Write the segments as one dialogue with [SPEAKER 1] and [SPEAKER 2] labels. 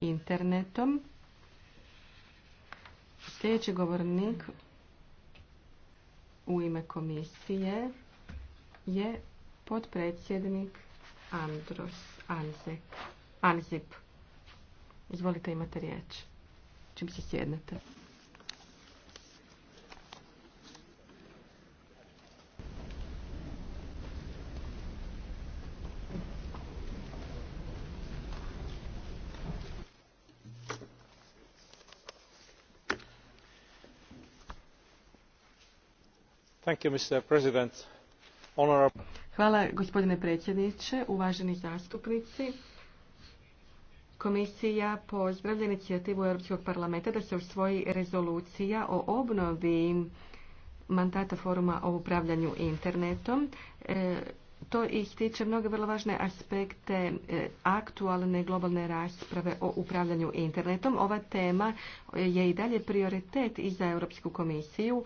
[SPEAKER 1] internetom. Sljedeći govornik u ime komisije je potpredsjednik Andros Anzip. Izvolite imate riječ. Čim se sjednete. Hvala gospodine predsjedniče, uvaženi zastupnici. Komisija pozdravlja inicijativu Europskog parlamenta da se usvoji rezolucija o obnovi mandata foruma o upravljanju internetom. E, to ih tiče mnoge vrlo važne aspekte e, aktualne globalne rasprave o upravljanju internetom. Ova tema je i dalje prioritet i za Europsku komisiju.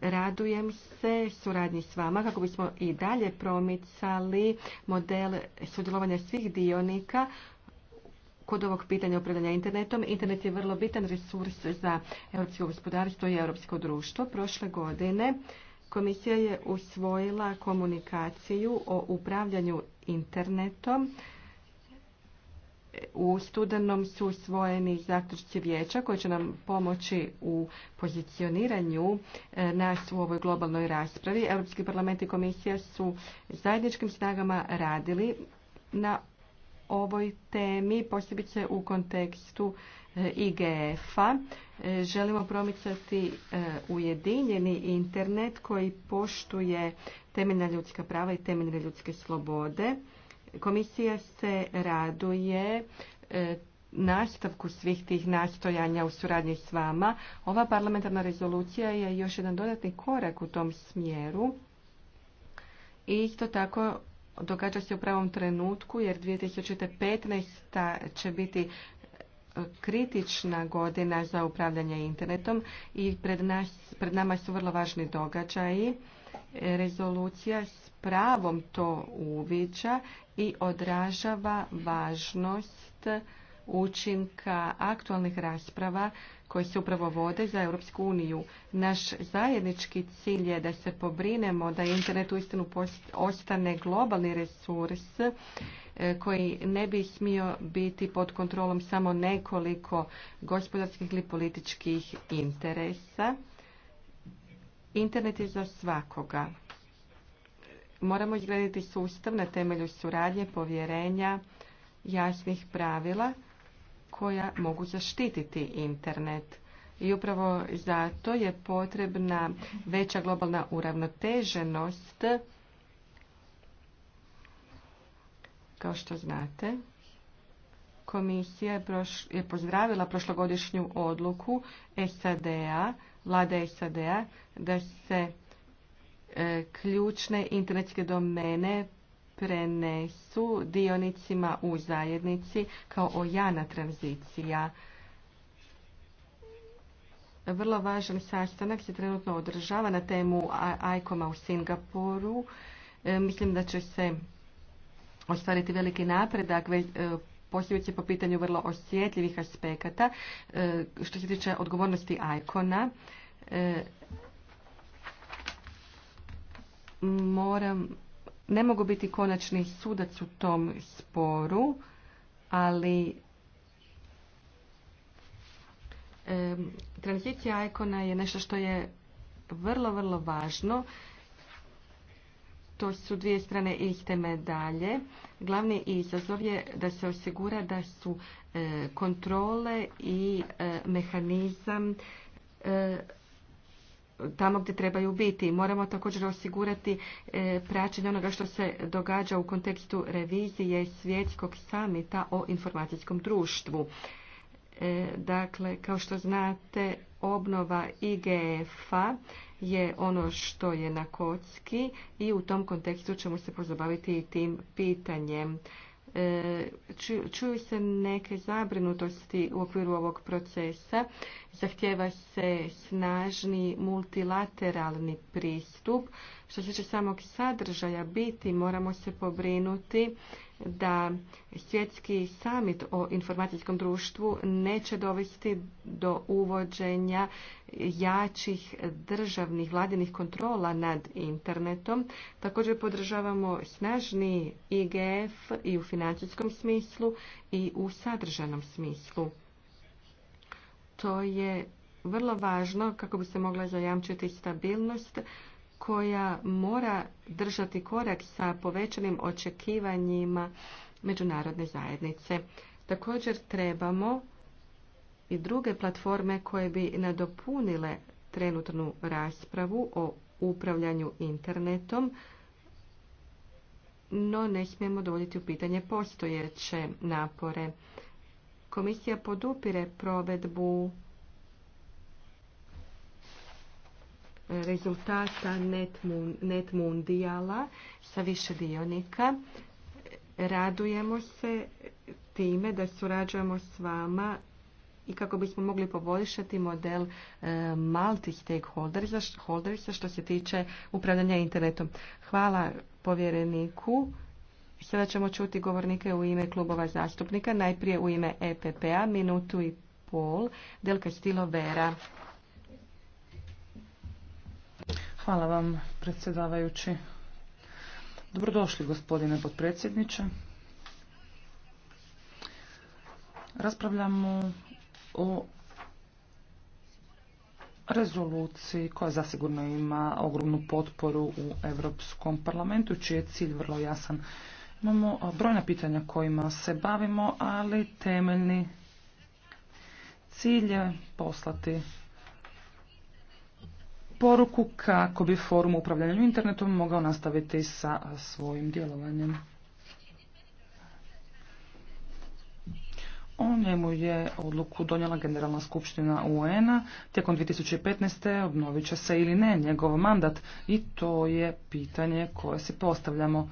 [SPEAKER 1] Radujem se suradnji s vama kako bismo i dalje promicali model sudjelovanja svih dionika kod ovog pitanja upravljanja internetom. Internet je vrlo bitan resurs za europsko gospodarstvo i europsko društvo. Prošle godine Komisija je usvojila komunikaciju o upravljanju internetom. U studenom su usvojeni zaključci vijeća koji će nam pomoći u pozicioniranju e, nas u ovoj globalnoj raspravi. Europski parlament i komisija su zajedničkim snagama radili na ovoj temi, posebice u kontekstu e, IGF-a. E, želimo promicati e, ujedinjeni internet koji poštuje temeljna ljudska prava i temeljne ljudske slobode. Komisija se raduje nastavku svih tih nastojanja u suradnji s vama. Ova parlamentarna rezolucija je još jedan dodatni korak u tom smjeru. I isto tako događa se u pravom trenutku jer 2015. će biti e, kritična godina za upravljanje internetom i pred, nas, pred nama su vrlo važni događaji. Rezolucija s pravom to uviđa i odražava važnost učinka aktualnih rasprava koji se upravo vode za Europsku uniju. Naš zajednički cilj je da se pobrinemo da internet uistinu ostane globalni resurs e, koji ne bi smio biti pod kontrolom samo nekoliko gospodarskih ili političkih interesa. Internet je za svakoga. Moramo izgledati sustav na temelju suradnje, povjerenja, jasnih pravila koja mogu zaštititi internet. I upravo zato je potrebna veća globalna uravnoteženost. Kao što znate, komisija je pozdravila prošlogodišnju odluku SAD-a, vlade SAD-a, da se e, ključne internetske domene prenesu dionicima u zajednici kao ojana tranzicija. Vrlo važan sastanak se trenutno održava na temu ICOM-a u Singapuru. E, mislim da će se ostvariti veliki napredak e, posebice po pitanju vrlo osjetljivih aspekata e, što se tiče odgovornosti ajkona moram ne mogu biti konačni sudac u tom sporu, ali e, tranzicija ikona je nešto što je vrlo, vrlo važno. To su dvije strane iste medalje. Glavni izazov je da se osigura da su e, kontrole i e, mehanizam e, tamo gdje trebaju biti. Moramo također osigurati e, praćenje onoga što se događa u kontekstu revizije svjetskog samita o informacijskom društvu. E, dakle, kao što znate, obnova IGF-a je ono što je na kocki i u tom kontekstu ćemo se pozabaviti i tim pitanjem. E, čuju se neke zabrinutosti u okviru ovog procesa. Zahtjeva se snažni multilateralni pristup. Što se tiče samog sadržaja biti, moramo se pobrinuti da svjetski samit o informacijskom društvu neće dovesti do uvođenja jačih državnih vladinih kontrola nad internetom. Također podržavamo snažni IGF i u financijskom smislu i u sadržanom smislu. To je vrlo važno kako bi se mogla zajamčiti stabilnost koja mora držati korak sa povećanim očekivanjima međunarodne zajednice. Također trebamo i druge platforme koje bi nadopunile trenutnu raspravu o upravljanju internetom, no ne smijemo dovoditi u pitanje postojeće napore. Komisija podupire provedbu rezultata netmundijala sa više dionika. Radujemo se time da surađujemo s vama i kako bismo mogli poboljšati model e, multi-stakeholdersa što se tiče upravljanja internetom. Hvala povjereniku. Sada ćemo čuti govornike u ime klubova zastupnika. Najprije u ime EPP-a, minutu
[SPEAKER 2] i pol, Del Stilo, Vera. Hvala vam, predsjedavajući. Dobrodošli, gospodine potpredsjedniče. Raspravljamo o rezoluciji koja zasigurno ima ogromnu potporu u Europskom parlamentu, čiji je cilj vrlo jasan. Imamo brojna pitanja kojima se bavimo, ali temeljni cilj je poslati poruku kako bi forum upravljanju internetom mogao nastaviti sa svojim djelovanjem. O njemu je odluku donijela Generalna skupština UN-a. Tijekom 2015. obnovit će se ili ne njegov mandat i to je pitanje koje si postavljamo.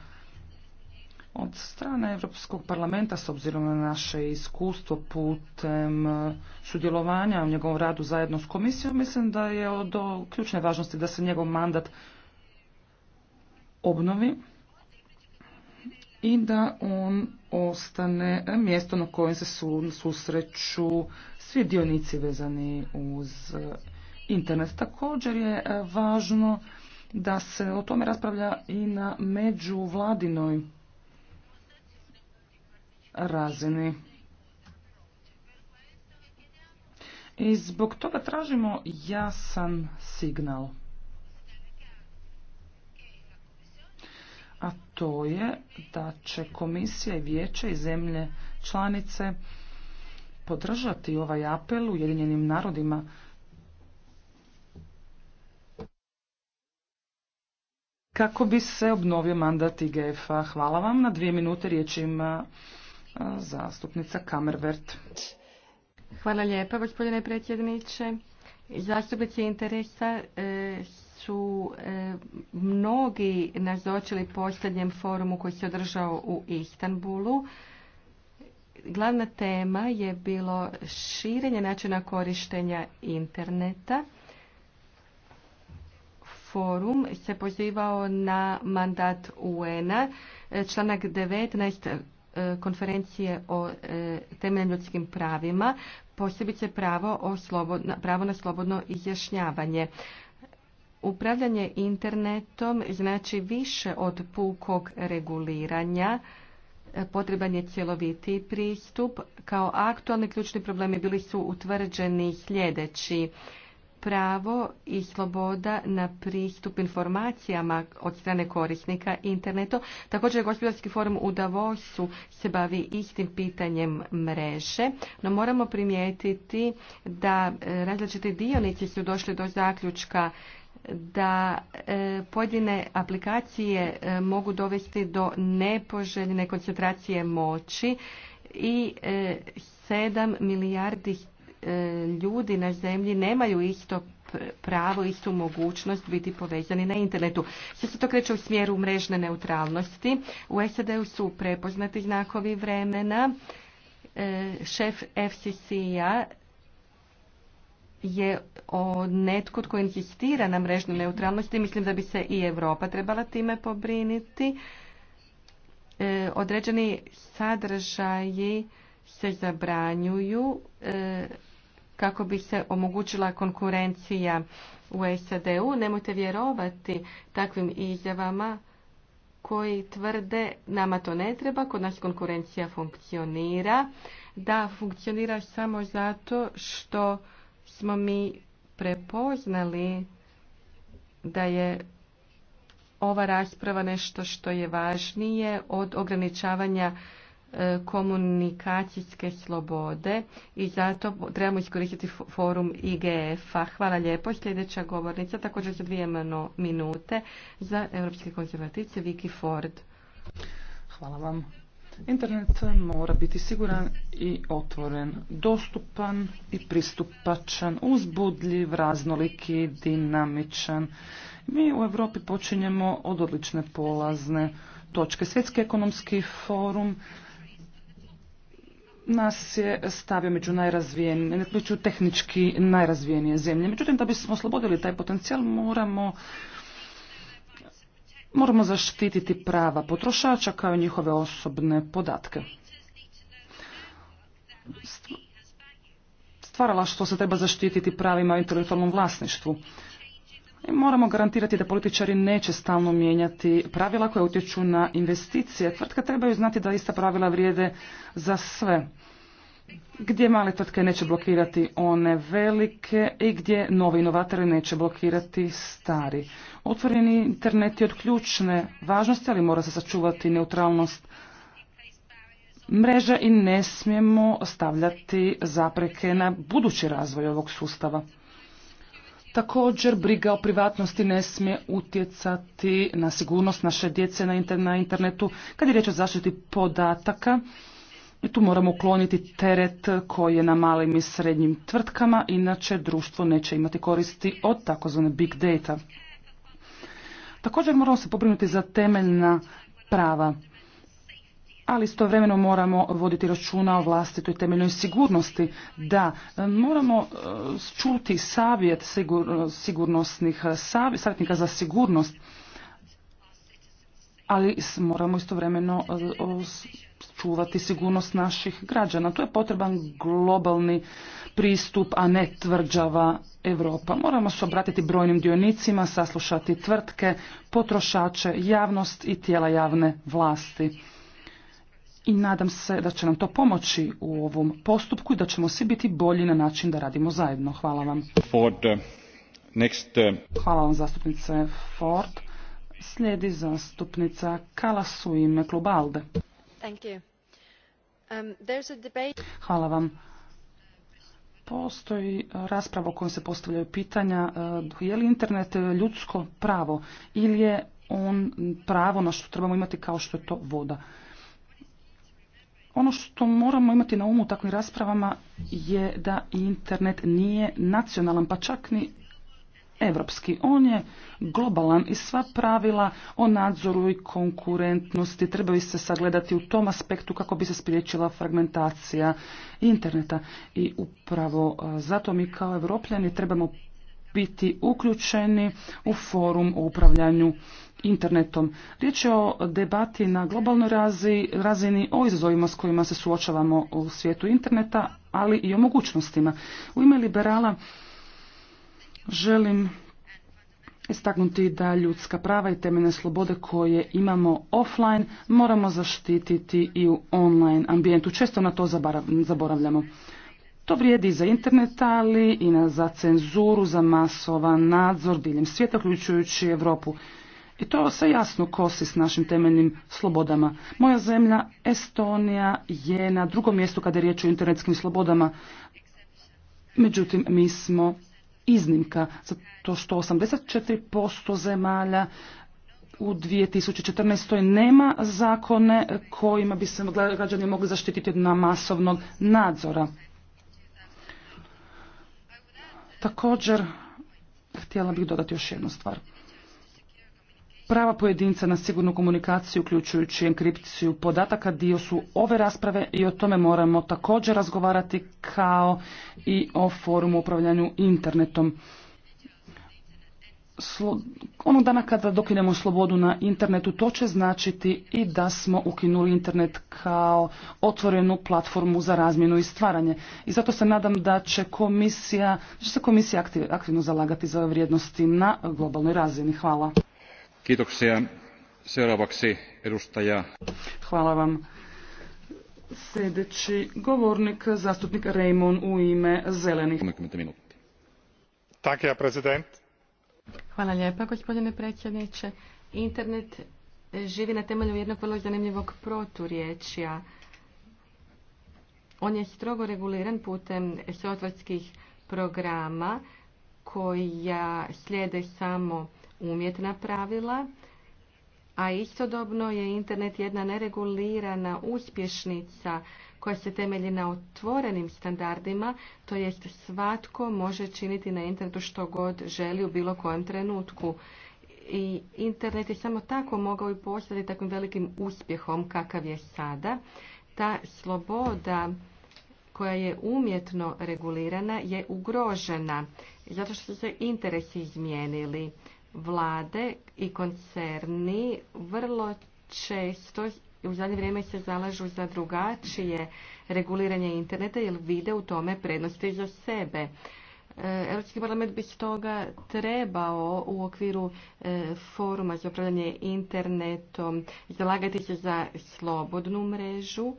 [SPEAKER 2] Od strane Europskog parlamenta, s obzirom na naše iskustvo putem e, sudjelovanja u njegovom radu zajedno s komisijom, mislim da je od ključne važnosti da se njegov mandat obnovi i da on ostane mjesto na kojem se susreću svi dionici vezani uz e, internet. Također je e, važno da se o tome raspravlja i na međuvladinoj razini. I zbog toga tražimo jasan signal. A to je da će komisija i vijeće i zemlje članice podržati ovaj apel Ujedinjenim narodima kako bi se obnovio mandat IGF-a. Hvala vam. Na dvije minute riječ ima zastupnica Kamervert.
[SPEAKER 1] Hvala lijepa, gospodine predsjedniče. Zastupnici interesa e, su e, mnogi nazočili posljednjem forumu koji se održao u Istanbulu. Glavna tema je bilo širenje načina korištenja interneta. Forum se pozivao na mandat UN-a. Članak 19 E, konferencije o e, temeljnim ljudskim pravima, posebice pravo, pravo na slobodno izjašnjavanje. Upravljanje internetom znači više od pukog reguliranja, e, potreban je cjelovitiji pristup. Kao aktualni ključni problemi bili su utvrđeni sljedeći pravo i sloboda na pristup informacijama od strane korisnika internetu. Također gospodarski forum u Davosu se bavi istim pitanjem mreže, no moramo primijetiti da e, različiti dionici su došli do zaključka da e, pojedine aplikacije e, mogu dovesti do nepoželjne koncentracije moći i 7 milijardi E, ljudi na zemlji nemaju isto pravo, istu mogućnost biti povezani na internetu. Sve se to kreće u smjeru mrežne neutralnosti. U SAD-u su prepoznati znakovi vremena. E, šef FCC-a je o netko tko insistira na mrežnu neutralnost i mislim da bi se i Europa trebala time pobriniti. E, određeni sadržaji se zabranjuju kako bi se omogućila konkurencija u SAD-u. Nemojte vjerovati takvim izjavama koji tvrde nama to ne treba, kod nas konkurencija funkcionira. Da, funkcionira samo zato što smo mi prepoznali da je ova rasprava nešto što je važnije od ograničavanja E, komunikacijske slobode i zato trebamo iskoristiti forum IGF-a. Hvala lijepo. Sljedeća govornica, također za dvije minute, za europske konzervativce Vicky Ford.
[SPEAKER 2] Hvala vam. Internet mora biti siguran i otvoren, dostupan i pristupačan, uzbudljiv, raznoliki, dinamičan. Mi u Europi počinjemo od odlične polazne točke. Svjetski ekonomski forum nas je stavio među najrazvijenije, među tehnički najrazvijenije zemlje. Međutim, da bismo oslobodili taj potencijal moramo moramo zaštititi prava potrošača kao i njihove osobne podatke. Stvarala što se treba zaštititi pravima u intelektualnom vlasništvu. Moramo garantirati da političari neće stalno mijenjati pravila koja utječu na investicije. Tvrtka trebaju znati da ista pravila vrijede za sve. Gdje male tvrtke neće blokirati one velike i gdje novi inovatori neće blokirati stari. Otvoreni internet je od ključne važnosti, ali mora se sačuvati neutralnost mreža i ne smijemo stavljati zapreke na budući razvoj ovog sustava. Također, briga o privatnosti ne smije utjecati na sigurnost naše djece na internetu. Kad je riječ o zaštiti podataka, i tu moramo ukloniti teret koji je na malim i srednjim tvrtkama, inače društvo neće imati koristi od takozvane big data. Također moramo se pobrinuti za temeljna prava ali istovremeno moramo voditi računa o vlastitoj temeljnoj sigurnosti. Da, e, moramo e, čuti savjet e, sigurnosnih savjetnika za sigurnost, ali moramo istovremeno čuvati sigurnost naših građana. Tu je potreban globalni pristup, a ne tvrđava Europa. Moramo se obratiti brojnim dionicima, saslušati tvrtke, potrošače, javnost i tijela javne vlasti i nadam se da će nam to pomoći u ovom postupku i da ćemo svi biti bolji na način da radimo zajedno. Hvala vam. Uh, uh, Hvala vam zastupnice Ford. Slijedi zastupnica Kalas u ime kluba um, Hvala vam. Postoji uh, rasprava u kojoj se postavljaju pitanja je li internet ljudsko pravo ili je on pravo na što trebamo imati kao što je to voda. Ono što moramo imati na umu u takvim raspravama je da internet nije nacionalan, pa čak ni evropski. On je globalan i sva pravila o nadzoru i konkurentnosti trebaju se sagledati u tom aspektu kako bi se spriječila fragmentacija interneta. I upravo e, zato mi kao evropljani trebamo biti uključeni u forum o upravljanju internetom. Riječ je o debati na globalnoj razini o izazovima s kojima se suočavamo u svijetu interneta, ali i o mogućnostima. U ime liberala želim istaknuti da ljudska prava i temeljne slobode koje imamo offline moramo zaštititi i u online ambijentu. Često na to zaboravljamo. To vrijedi i za internet, ali i na, za cenzuru, za masovan nadzor diljem svijeta, uključujući Europu. I to se jasno kosi s našim temeljnim slobodama. Moja zemlja Estonija je na drugom mjestu kada je riječ o internetskim slobodama. Međutim, mi smo iznimka zato što 84% zemalja u 2014. nema zakone kojima bi se građani mogli zaštititi od na masovnog nadzora. Također, htjela bih dodati još jednu stvar. Prava pojedinca na sigurnu komunikaciju, uključujući enkripciju podataka, dio su ove rasprave i o tome moramo također razgovarati kao i o forumu upravljanju internetom. Slo, onog dana kada dokinemo slobodu na internetu, to će značiti i da smo ukinuli internet kao otvorenu platformu za razmjenu i stvaranje. I zato se nadam da će komisija, da će se komisija aktivno zalagati za vrijednosti na globalnoj razini. Hvala. Hvala vam. Sljedeći govornik, zastupnik Raymond u ime Zelenih. Hvala
[SPEAKER 1] lijepa, gospodine predsjedniče. Internet živi na temelju jednog vrlo zanimljivog proturječja. On je strogo reguliran putem softverskih programa koja slijede samo umjetna pravila, a istodobno je internet jedna neregulirana uspješnica koja se temelji na otvorenim standardima, to jest svatko može činiti na internetu što god želi u bilo kojem trenutku. I internet je samo tako mogao i postati takvim velikim uspjehom kakav je sada. Ta sloboda koja je umjetno regulirana je ugrožena zato što su se interesi izmijenili vlade i koncerni vrlo često u zadnje vrijeme se zalažu za drugačije reguliranje interneta jer vide u tome prednosti za sebe. E, Europski parlament bi stoga trebao u okviru e, foruma za upravljanje internetom zalagati se za slobodnu mrežu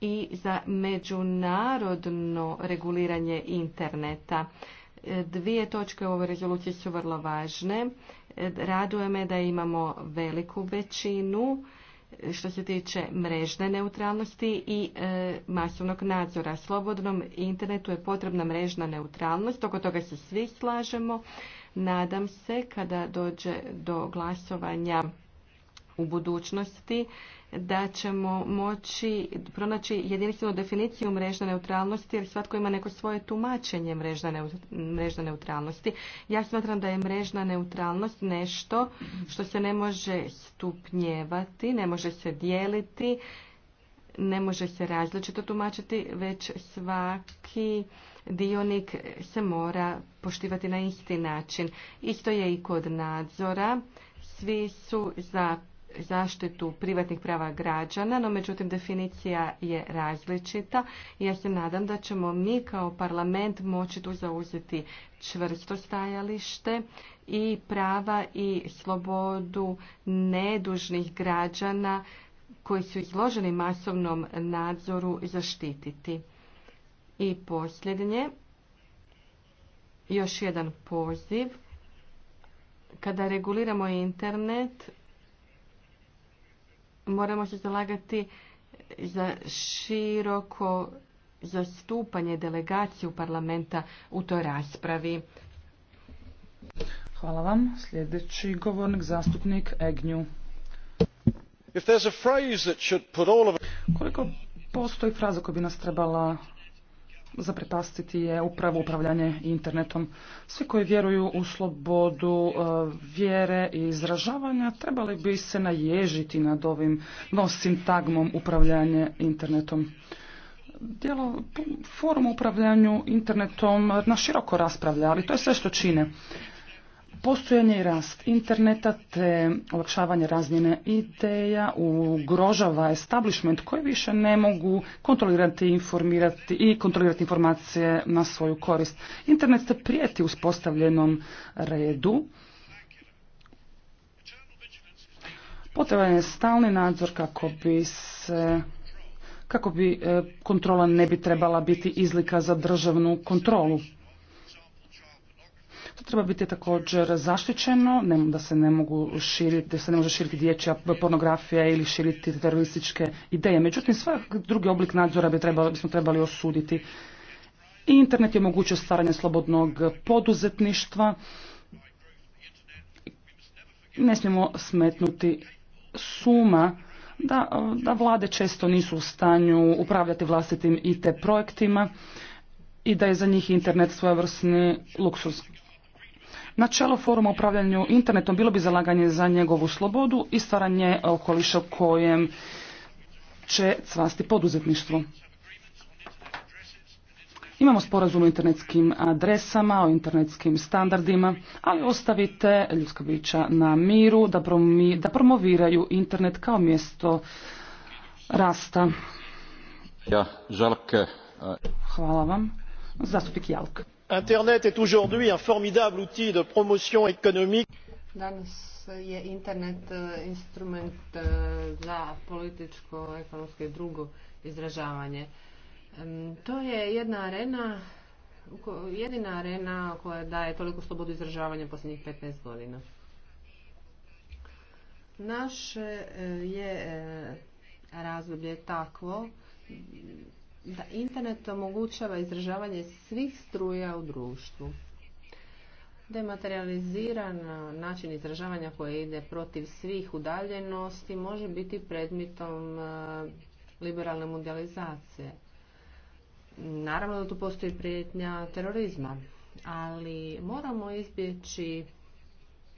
[SPEAKER 1] i za međunarodno reguliranje interneta. Dvije točke u ovoj rezoluciji su vrlo važne. Raduje me da imamo veliku većinu e, što se tiče mrežne neutralnosti i e, masovnog nadzora. Slobodnom internetu je potrebna mrežna neutralnost, oko toga se svi slažemo. Nadam se kada dođe do glasovanja u budućnosti da ćemo moći pronaći jedinstvenu definiciju mrežne neutralnosti jer svatko ima neko svoje tumačenje mrežne neutralnosti. Ja smatram da je mrežna neutralnost nešto što se ne može stupnjevati, ne može se dijeliti, ne može se različito tumačiti, već svaki dionik se mora poštivati na isti način. Isto je i kod nadzora. Svi su za zaštitu privatnih prava građana, no međutim definicija je različita ja se nadam da ćemo mi kao parlament moći tu zauzeti čvrsto stajalište i prava i slobodu nedužnih građana koji su izloženi masovnom nadzoru zaštititi. I posljednje, još jedan poziv. Kada reguliramo internet, moramo se zalagati za široko zastupanje delegacije u parlamenta u toj raspravi.
[SPEAKER 2] Hvala vam. Sljedeći govornik, zastupnik Egnju. Koliko postoji fraza koja bi nas trebala zaprepastiti je upravo upravljanje internetom. Svi koji vjeruju u slobodu e, vjere i izražavanja trebali bi se naježiti nad ovim nosim tagmom upravljanje internetom. Djelo, forum upravljanju internetom na široko raspravlja, ali to je sve što čine postojanje i rast interneta te olakšavanje razmjene ideja ugrožava establishment koji više ne mogu kontrolirati informirati i kontrolirati informacije na svoju korist. Internet se prijeti uspostavljenom redu. Potreban je stalni nadzor kako bi se kako bi e, kontrola ne bi trebala biti izlika za državnu kontrolu. To treba biti također zaštićeno, da se ne mogu širiti, da se ne može širiti dječja pornografija ili širiti terorističke ideje. Međutim, svak drugi oblik nadzora bi trebali, bismo trebali osuditi. Internet je mogućio stvaranje slobodnog poduzetništva. Ne smijemo smetnuti suma da, da vlade često nisu u stanju upravljati vlastitim IT projektima i da je za njih internet svojevrsni luksuz. Načelo foruma upravljanju internetom bilo bi zalaganje za njegovu slobodu i stvaranje okoliša kojem će cvasti poduzetništvo. Imamo sporazum o internetskim adresama, o internetskim standardima, ali ostavite ljudska bića na miru da, da promoviraju internet kao mjesto rasta.
[SPEAKER 3] Ja, žalke.
[SPEAKER 4] Hvala vam. Zastupnik Jalk internet est aujourd'hui un formidable outil de promotion économique
[SPEAKER 5] danas je internet e, instrument e, za političko ekonomsko i drugo izražavanje to je jedna arena jedina arena koja daje toliko slobodu izražavanja posljednjih 15 godina naše e, je razdoblje takvo da internet omogućava izražavanje svih struja u društvu. Dematerializiran način izražavanja koji ide protiv svih udaljenosti može biti predmetom e, liberalne mundializacije. Naravno da tu postoji prijetnja terorizma, ali moramo izbjeći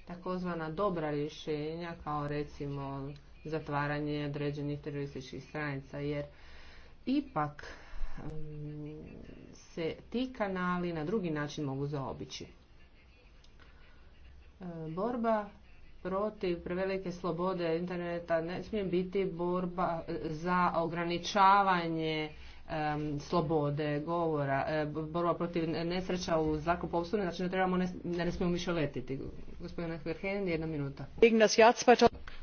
[SPEAKER 5] takozvana dobra rješenja kao recimo zatvaranje određenih terorističkih stranica jer ipak se ti kanali na drugi način mogu zaobići. E, borba protiv prevelike slobode interneta ne smije biti borba e, za ograničavanje slobode govora, e, borba protiv nesreća u zrakoplovstvu, znači ne trebamo ne, ne smijemo više letiti jedna minuta.
[SPEAKER 1] Pa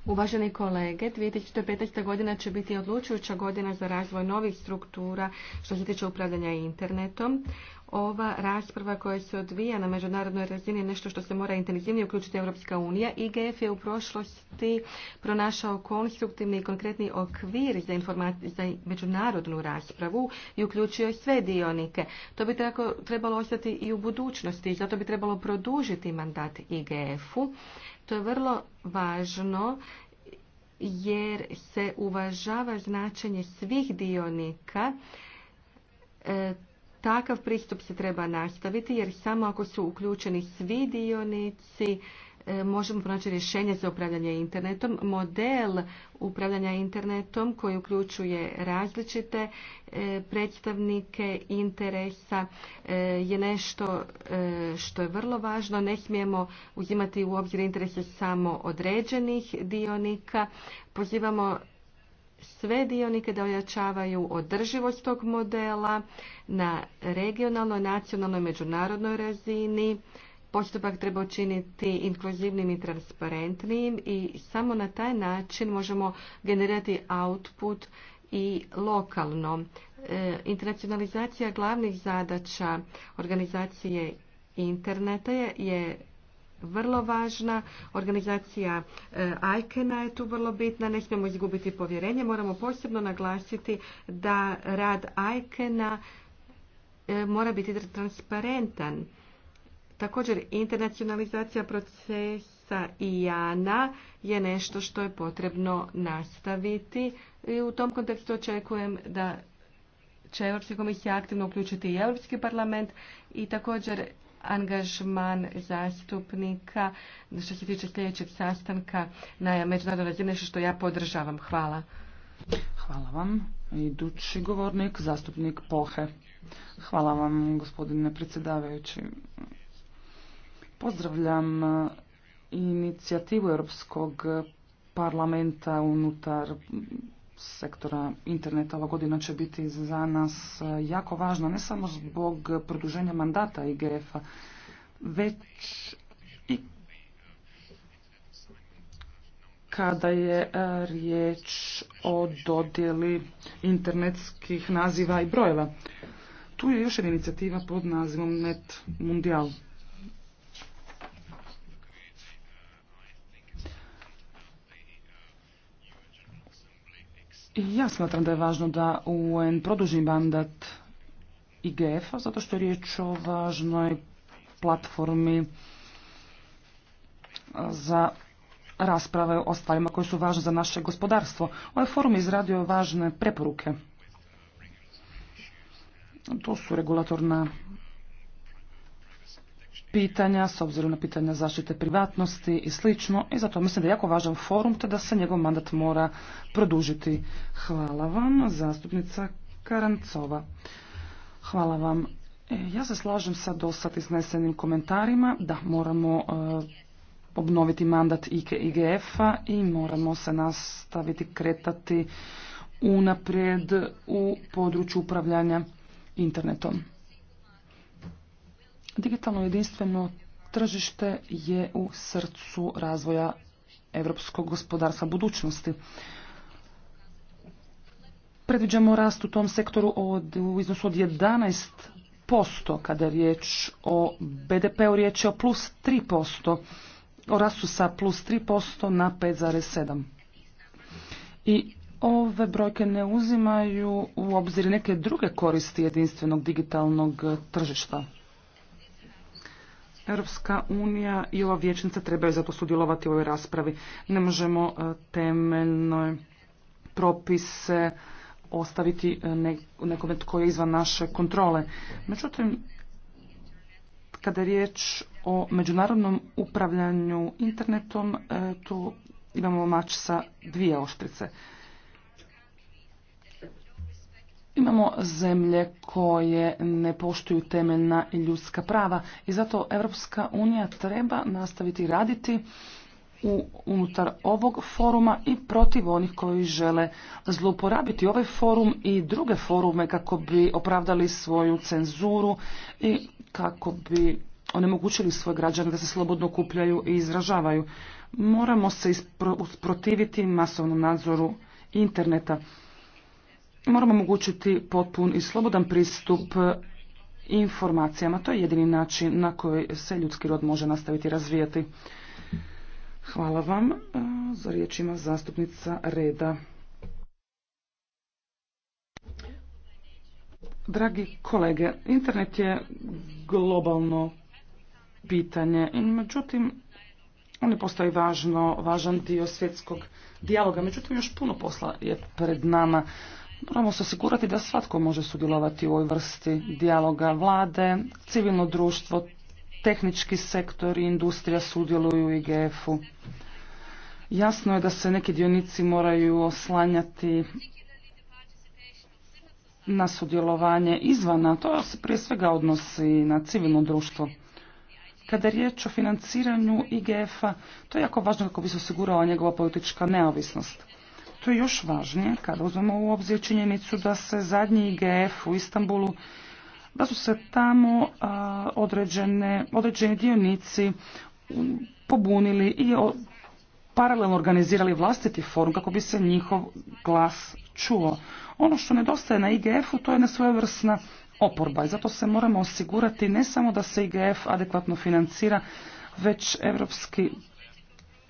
[SPEAKER 1] Uvaženi kolege, 2015. godina će biti odlučujuća godina za razvoj novih struktura što se tiče upravljanja internetom ova rasprava koja se odvija na međunarodnoj razini je nešto što se mora intenzivnije uključiti Europska unija. IGF je u prošlosti pronašao konstruktivni i konkretni okvir za, za međunarodnu raspravu i uključio sve dionike. To bi tako trebalo ostati i u budućnosti i zato bi trebalo produžiti mandat IGF-u. To je vrlo važno jer se uvažava značenje svih dionika e, Takav pristup se treba nastaviti jer samo ako su uključeni svi dionici e, možemo pronaći rješenje za upravljanje internetom. Model upravljanja internetom koji uključuje različite e, predstavnike interesa e, je nešto što je vrlo važno. Ne smijemo uzimati u obzir interese samo određenih dionika. Pozivamo sve dionike da ojačavaju održivost tog modela na regionalnoj, nacionalnoj, međunarodnoj razini. Postupak treba učiniti inkluzivnim i transparentnim i samo na taj način možemo generirati output i lokalno. E, internacionalizacija glavnih zadaća organizacije interneta je vrlo važna. Organizacija eh, icann je tu vrlo bitna. Ne smijemo izgubiti povjerenje. Moramo posebno naglasiti da rad IKena eh, mora biti transparentan. Također, internacionalizacija procesa jana je nešto što je potrebno nastaviti i u tom kontekstu očekujem da će Europska komisija aktivno uključiti i Europski parlament i također angažman zastupnika što se tiče sljedećeg sastanka na međunarodnoj razini nešto što ja
[SPEAKER 2] podržavam. Hvala. Hvala vam. Idući govornik, zastupnik Pohe. Hvala vam, gospodine predsjedavajući. Pozdravljam uh, inicijativu Europskog parlamenta unutar sektora interneta ova godina će biti za nas jako važna, ne samo zbog produženja mandata IGF-a, već i kada je e, riječ o dodjeli internetskih naziva i brojeva. Tu je još jedna inicijativa pod nazivom Net Mundial. Ja smatram da je važno da UN produži mandat IGF-a, zato što je riječ o važnoj platformi e, za rasprave o stvarima koje su važne za naše gospodarstvo. Ovaj forum je izradio važne preporuke. To su regulatorna pitanja, s obzirom na pitanja zaštite privatnosti i slično. I zato mislim da je jako važan forum, te da se njegov mandat mora produžiti. Hvala vam, zastupnica Karancova. Hvala vam. E, ja se slažem sa dosad iznesenim komentarima da moramo e, obnoviti mandat IKE IGF-a i moramo se nastaviti kretati unaprijed u području upravljanja internetom. Digitalno jedinstveno tržište je u srcu razvoja europskog gospodarstva budućnosti. Predviđamo rast u tom sektoru od, u iznosu od 11% kada je riječ o BDP-u, riječ je o plus 3%, o rastu sa plus 3% na 5,7%. I ove brojke ne uzimaju u obzir neke druge koristi jedinstvenog digitalnog tržišta. Europska unija i ova vječnica trebaju zato sudjelovati u ovoj raspravi. Ne možemo e, temeljno propise ostaviti e, nekome tko je izvan naše kontrole. Međutim, kada je riječ o međunarodnom upravljanju internetom, e, tu imamo mač sa dvije oštrice. Imamo zemlje koje ne poštuju temeljna ljudska prava i zato Europska unija treba nastaviti raditi u, unutar ovog foruma i protiv onih koji žele zlouporabiti ovaj forum i druge forume kako bi opravdali svoju cenzuru i kako bi onemogućili svoje građane da se slobodno okupljaju i izražavaju. Moramo se usprotiviti masovnom nadzoru interneta moramo omogućiti potpun i slobodan pristup informacijama. To je jedini način na koji se ljudski rod može nastaviti razvijati. Hvala vam. E, za riječ zastupnica Reda. Dragi kolege, internet je globalno pitanje, međutim, on je postao i važan dio svjetskog dijaloga, međutim, još puno posla je pred nama. Moramo se osigurati da svatko može sudjelovati u ovoj vrsti dijaloga vlade, civilno društvo, tehnički sektor i industrija sudjeluju u IGF-u. Jasno je da se neki dionici moraju oslanjati na sudjelovanje izvana, to se prije svega odnosi na civilno društvo. Kada je riječ o financiranju IGF-a, to je jako važno kako bi se osigurala njegova politička neovisnost. To je još važnije kada uzmemo u obzir činjenicu da se zadnji IGF u Istanbulu da su se tamo određene, određeni dionici pobunili i paralelno organizirali vlastiti forum kako bi se njihov glas čuo. Ono što nedostaje na IGF-u to je jedna oporba i zato se moramo osigurati ne samo da se IGF adekvatno financira, već Europski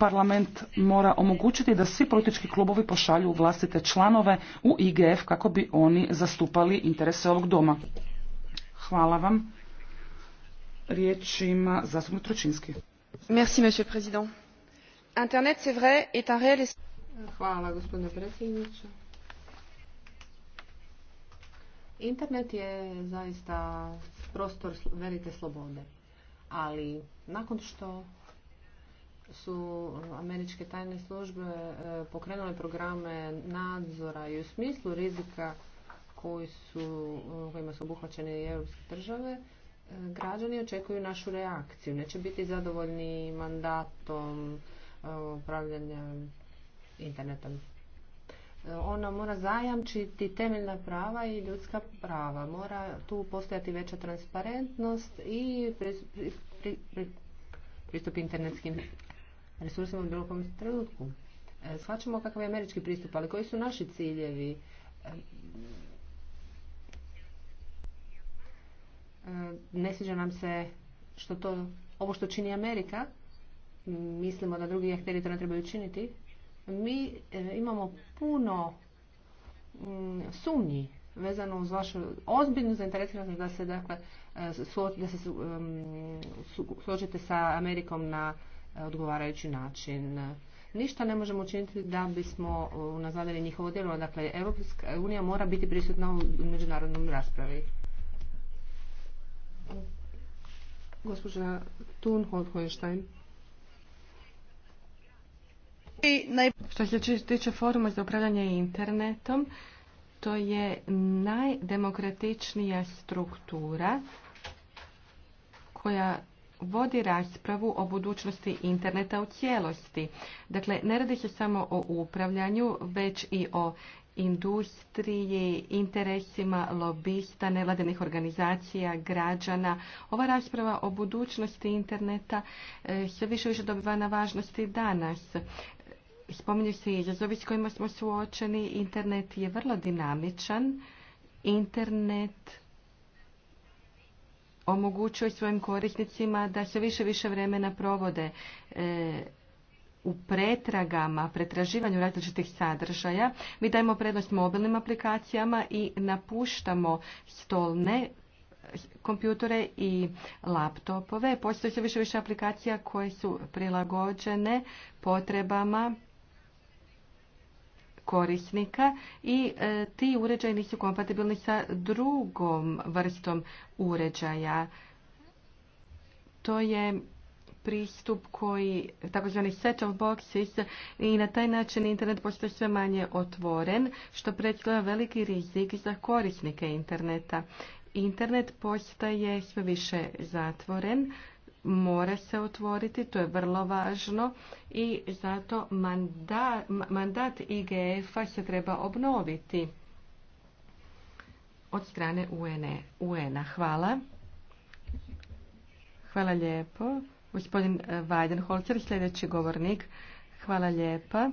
[SPEAKER 2] parlament mora omogućiti da svi politički klubovi pošalju vlastite članove u IGF kako bi oni zastupali interese ovog doma. Hvala vam. Riječ ima zastupnik Tručinski.
[SPEAKER 5] Merci, monsieur président. Internet, c'est vrai, est un réel... Hvala, gospodine predsjedniče. Internet je zaista prostor velike slobode. Ali nakon što su američke tajne službe e, pokrenule programe nadzora i u smislu rizika koji su, e, kojima su obuhvaćene europske države, e, građani očekuju našu reakciju. Neće biti zadovoljni mandatom upravljanja internetom. Ona mora zajamčiti temeljna prava i ljudska prava. Mora tu postojati veća transparentnost i pristup internetskim resursima u bilo kom trenutku. E, shvaćamo kakav je američki pristup, ali koji su naši ciljevi? E, e, ne sviđa nam se što to, ovo što čini Amerika, mislimo da drugi akteri to ne trebaju činiti. Mi imamo puno mm, sumnji vezano uz vašu ozbiljnu zainteresiranost da se dakle da se suočite sa Amerikom na odgovarajući način. Ništa ne možemo učiniti da bismo nazadili njihovo djelo. Dakle, Europska unija mora biti prisutna u međunarodnom raspravi. Gospođa Thun
[SPEAKER 6] Što se tiče
[SPEAKER 1] foruma za upravljanje internetom, to je najdemokratičnija struktura koja vodi raspravu o budućnosti interneta u cijelosti. Dakle, ne radi se samo o upravljanju, već i o industriji, interesima lobista, nevladinih organizacija, građana. Ova rasprava o budućnosti interneta e, sve više više dobiva na važnosti danas. Spominju se i izazovi s kojima smo suočeni. Internet je vrlo dinamičan. Internet omogućuje svojim korisnicima da se više više vremena provode e, u pretragama, pretraživanju različitih sadržaja. Mi dajemo prednost mobilnim aplikacijama i napuštamo stolne kompjutore i laptopove. Postoji se više više aplikacija koje su prilagođene potrebama korisnika i e, ti uređaji nisu kompatibilni sa drugom vrstom uređaja. To je pristup koji, takozvani set of boxes, i na taj način internet postaje sve manje otvoren, što predstavlja veliki rizik za korisnike interneta. Internet postaje sve više zatvoren, mora se otvoriti, to je vrlo važno i zato mandat, IGF-a se treba obnoviti od strane UN-a. E, Hvala. Hvala lijepo. Gospodin e, Weidenholzer, sljedeći govornik. Hvala lijepa.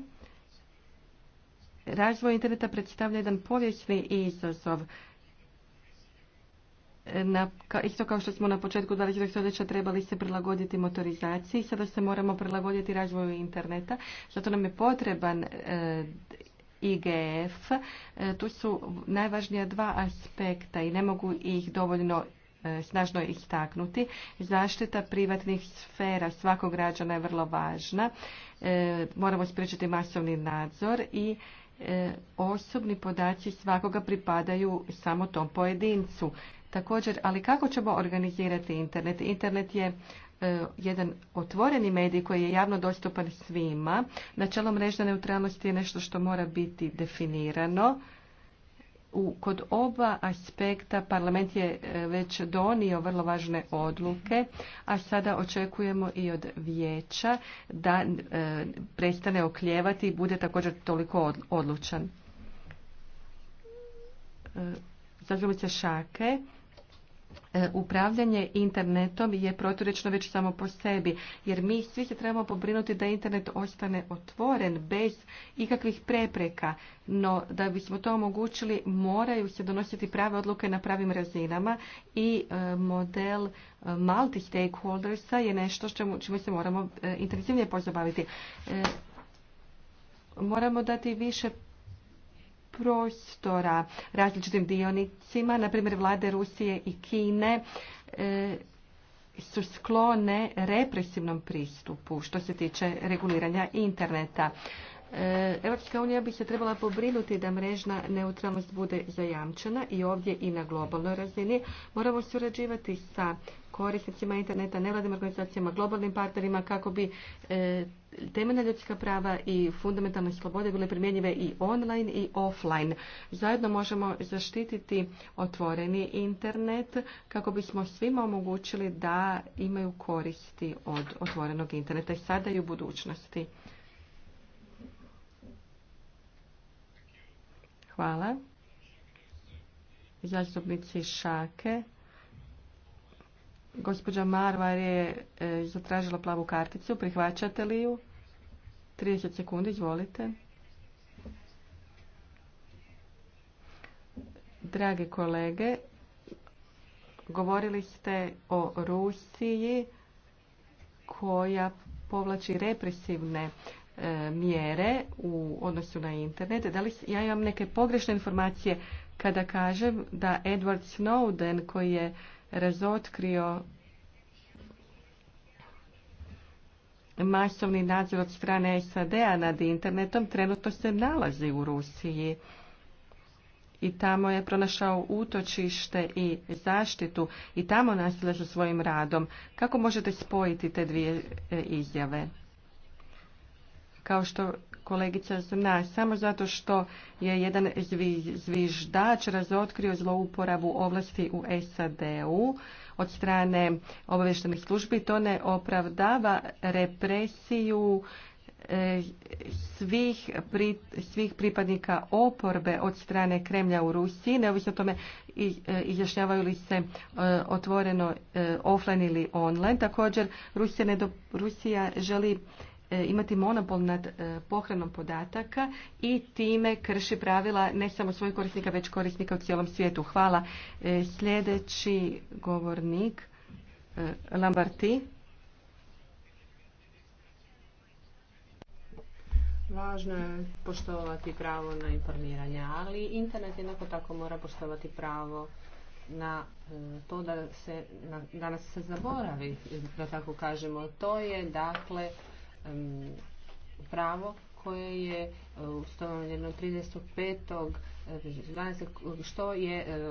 [SPEAKER 1] Razvoj interneta predstavlja jedan povijesni izazov na, isto kao što smo na početku 20. stoljeća trebali se prilagoditi motorizaciji, sada se moramo prilagoditi razvoju interneta, zato nam je potreban e, IGF. E, tu su najvažnija dva aspekta i ne mogu ih dovoljno e, snažno istaknuti. Zaštita privatnih sfera svakog građana je vrlo važna. E, moramo spriječiti masovni nadzor i e, osobni podaci svakoga pripadaju samo tom pojedincu. Također, ali kako ćemo organizirati internet? Internet je e, jedan otvoreni medij koji je javno dostupan svima. Načelo mrežne neutralnosti je nešto što mora biti definirano. U, kod oba aspekta parlament je e, već donio vrlo važne odluke, a sada očekujemo i od vijeća da e, prestane okljevati i bude također toliko odlučan. E, se Šake E, upravljanje internetom je proturečno već samo po sebi, jer mi svi se trebamo pobrinuti da internet ostane otvoren bez ikakvih prepreka, no da bismo to omogućili moraju se donositi prave odluke na pravim razinama i e, model e, multi-stakeholdersa je nešto čime se moramo intenzivnije pozabaviti. Moramo dati više prostora različitim dionicima, na primjer vlade Rusije i Kine, e, su sklone represivnom pristupu što se tiče reguliranja interneta. Europska unija bi se trebala pobrinuti da mrežna neutralnost bude zajamčena i ovdje i na globalnoj razini. Moramo surađivati sa korisnicima interneta, nevladim organizacijama, globalnim partnerima kako bi e, temeljna ljudska prava i fundamentalne slobode bile primjenjive i online i offline. Zajedno možemo zaštititi otvoreni internet kako bismo svima omogućili da imaju koristi od otvorenog interneta i sada i u budućnosti. Hvala. Zastupnici Šake. Gospođa Marvar je e, zatražila plavu karticu. Prihvaćate li ju? 30 sekundi, izvolite. Drage kolege, govorili ste o Rusiji koja povlači represivne E, mjere u odnosu na internet. Da li ja imam neke pogrešne informacije kada kažem da Edward Snowden koji je razotkrio masovni nadzor od strane SAD-a nad internetom trenutno se nalazi u Rusiji i tamo je pronašao utočište i zaštitu i tamo nastavlja svojim radom. Kako možete spojiti te dvije e, izjave? kao što kolegica zna, samo zato što je jedan zviždač razotkrio zlouporabu ovlasti u SAD-u od strane obavještenih službi, to ne opravdava represiju e, svih, svih pripadnika oporbe od strane Kremlja u Rusiji, neovisno tome e, izjašnjavaju li se e, otvoreno offline ili online. Također Rusija, ne do, Rusija želi E, imati monopol nad e, pohranom podataka i time krši pravila ne samo svojih korisnika, već korisnika u cijelom svijetu. Hvala. E, sljedeći govornik, Lambarti.
[SPEAKER 5] Važno je poštovati pravo na informiranje, ali internet jednako tako mora poštovati pravo na to da se, danas se zaboravi, da tako kažemo. To je dakle pravo koje je e, ustanovljeno 35. što je e,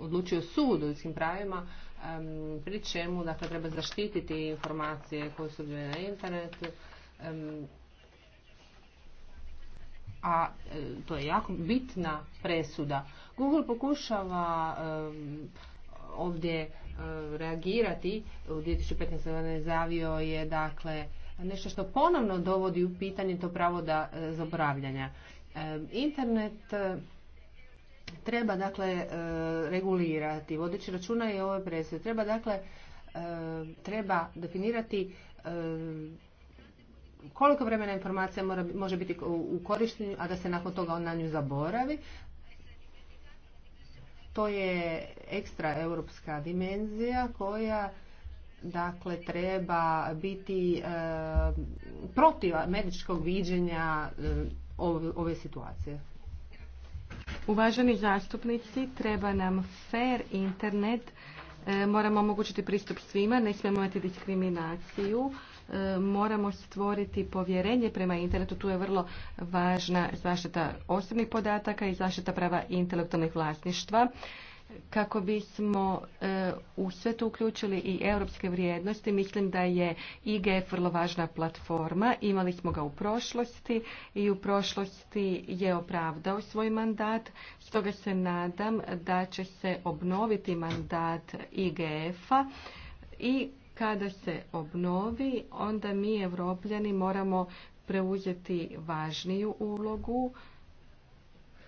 [SPEAKER 5] odlučio sud o ljudskim pravima pri čemu dakle, treba zaštititi informacije koje su na internetu a e, to je jako bitna presuda. Google pokušava ovdje reagirati u 2015. godine zavio je dakle nešto što ponovno dovodi u pitanje to pravo da e, zaboravljanja. E, internet e, treba dakle regulirati, vodeći računa i ove presije. Treba dakle treba definirati koliko vremena informacija mora, može biti u korištenju, a da se nakon toga on na nju zaboravi. To je ekstra europska dimenzija koja dakle treba biti eh, protiv američkog viđenja eh, ove situacije. Uvaženi zastupnici, treba nam fair
[SPEAKER 1] internet. Eh, moramo omogućiti pristup svima, ne smijemo imati diskriminaciju. Moramo stvoriti povjerenje prema internetu. Tu je vrlo važna zaštita osobnih podataka i zaštita prava intelektualnih vlasništva kako bismo e, u sve to uključili i europske vrijednosti. Mislim da je IGF vrlo važna platforma. Imali smo ga u prošlosti i u prošlosti je opravdao svoj mandat. Stoga se nadam da će se obnoviti mandat IGF-a i kada se obnovi, onda mi evropljani moramo preuzeti važniju ulogu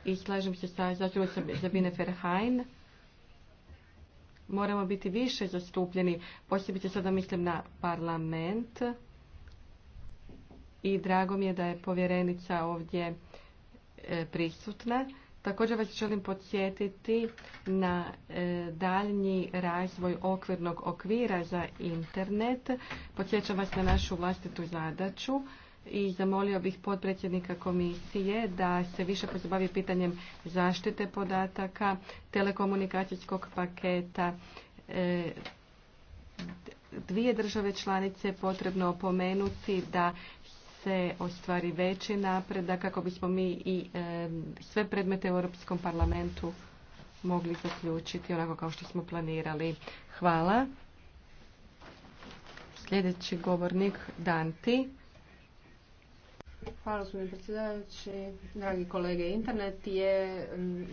[SPEAKER 1] i slažem se sa, sa Zabine Ferhajn moramo biti više zastupljeni, posebice sada mislim na parlament. I drago mi je da je povjerenica ovdje e, prisutna. Također vas želim podsjetiti na e, daljnji razvoj okvirnog okvira za internet. Podsjećam vas na našu vlastitu zadaću i zamolio bih potpredsjednika komisije da se više pozabavi pitanjem zaštite podataka, telekomunikacijskog paketa. E, dvije države članice potrebno opomenuti da se ostvari veći napredak kako bismo mi i e, sve predmete u Europskom parlamentu mogli zaključiti onako kao što smo planirali. Hvala. Sljedeći govornik Danti.
[SPEAKER 5] Hvala gospodine predsjedavajući. Dragi kolege, internet je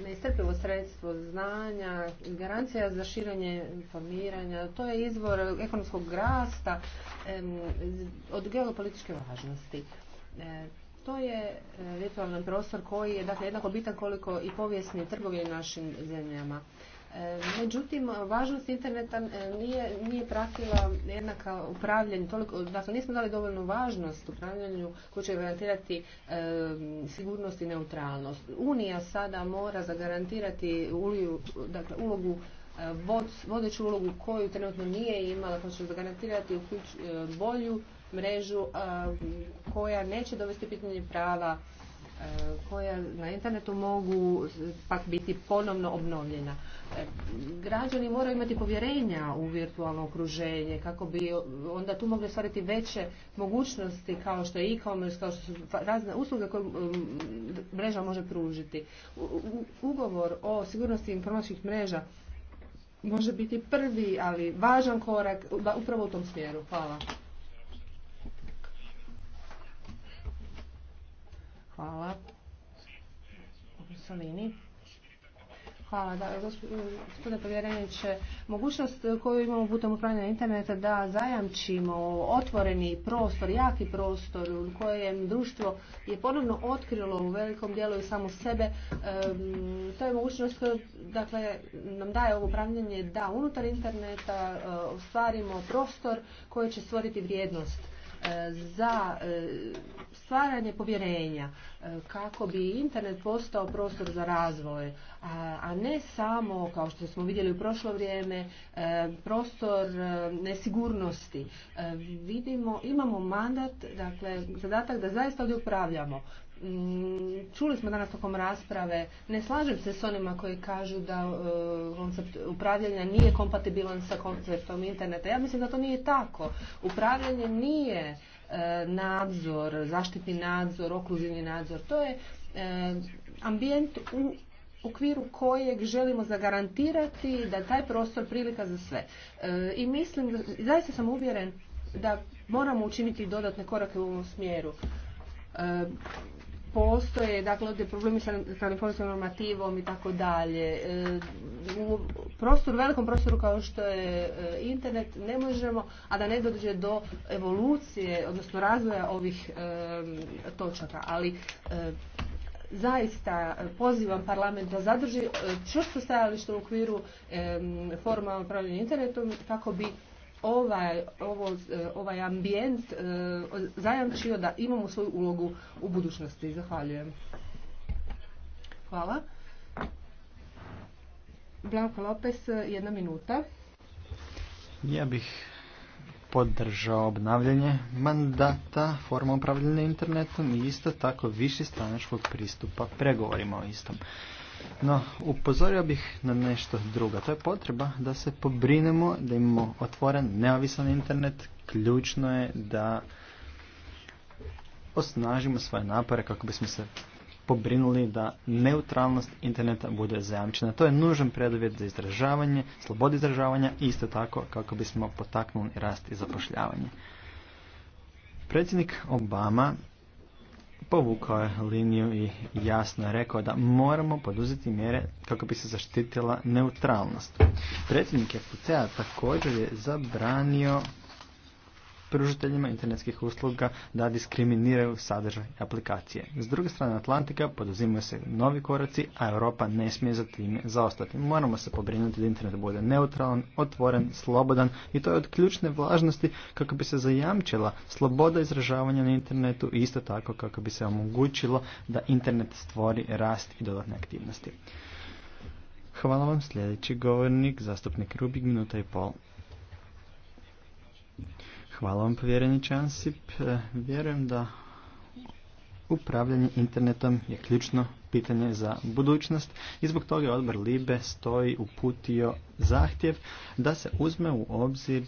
[SPEAKER 5] neistrpljivo sredstvo znanja, garancija za širenje informiranja. To je izvor ekonomskog rasta od geopolitičke važnosti. E, to je e, virtualan prostor koji je dakle, jednako bitan koliko i povijesni trgovi našim zemljama. Međutim, važnost interneta e, nije, nije pratila jednaka upravljanje. Toliko, dakle, nismo dali dovoljnu važnost upravljanju koje će garantirati e, sigurnost i neutralnost. Unija sada mora zagarantirati uliju, dakle, ulogu e, vodeću ulogu koju trenutno nije imala, koja pa će zagarantirati uključ, e, bolju mrežu koja neće dovesti pitanje prava koja na internetu mogu pak biti ponovno obnovljena. E, građani moraju imati povjerenja u virtualno okruženje kako bi onda tu mogli stvariti veće mogućnosti kao što je e-commerce, kao što su razne usluge koje mm, mreža može pružiti. Ugovor o sigurnosti informacijskih mreža može biti prvi, ali važan korak upravo u tom smjeru. Hvala. Hvala. Solini. Hvala, da, gospodine povjereniče. Mogućnost koju imamo putem upravljanja interneta da zajamčimo otvoreni prostor, jaki prostor u kojem društvo je ponovno otkrilo u velikom dijelu i samo sebe, to je mogućnost koju dakle, nam daje ovo upravljanje da unutar interneta e, ostvarimo prostor koji će stvoriti vrijednost za e, stvaranje povjerenja e, kako bi internet postao prostor za razvoj, a ne samo, kao što smo vidjeli u prošlo vrijeme, e, prostor nesigurnosti. Vidimo, imamo mandat, dakle, zadatak da zaista ovdje upravljamo. Mm, čuli smo danas tokom rasprave, ne slažem se s onima koji kažu da e, koncept upravljanja nije kompatibilan sa konceptom interneta. Ja mislim da to nije tako. Upravljanje nije e, nadzor, zaštitni nadzor, okluzivni nadzor. To je e, ambijent u okviru kojeg želimo zagarantirati da taj prostor prilika za sve. I mislim, zaista sam uvjeren da moramo učiniti dodatne korake u ovom smjeru postoje, dakle, ovdje problemi sa kalifornijskom normativom i tako dalje. E, u prostoru, velikom prostoru kao što je e, internet, ne možemo, a da ne dođe do evolucije, odnosno razvoja ovih e, točaka. Ali zaista pozivam parlament da zadrži čvrsto stajalište u okviru formalno forma upravljanja internetom kako bi ovaj, ovo, e, ovaj ambijent e, zajamčio da imamo svoju ulogu u budućnosti. Zahvaljujem. Hvala. Blanko Lopez, jedna minuta.
[SPEAKER 4] Ja bih podržao obnavljanje mandata forma upravljanja internetom i isto tako više stranačkog pristupa pregovorima o istom. No, upozorio bih na nešto drugo. To je potreba da se pobrinemo, da imamo otvoren, neovisan internet. Ključno je da osnažimo svoje napore kako bismo se pobrinuli da neutralnost interneta bude zajamčena. To je nužan preduvjet za izražavanje, slobodu izražavanja i isto tako kako bismo potaknuli rast i zapošljavanje. Predsjednik Obama povukao je liniju i jasno je rekao da moramo poduzeti mjere kako bi se zaštitila neutralnost. Predsjednik FPC-a također je zabranio pružiteljima internetskih usluga da diskriminiraju sadržaj aplikacije. S druge strane Atlantika poduzimaju se novi koraci, a Europa ne smije za time zaostati. Moramo se pobrinuti da internet bude neutralan, otvoren, slobodan i to je od ključne važnosti kako bi se zajamčila sloboda izražavanja na internetu i isto tako kako bi se omogućilo da internet stvori rast i dodatne aktivnosti. Hvala vam sljedeći govornik, zastupnik Rubik, minuta i pol. Hvala vam povjereni Čansip. E, vjerujem da upravljanje internetom je ključno pitanje za budućnost i zbog toga je odbor Libe stoji uputio zahtjev da se uzme u obzir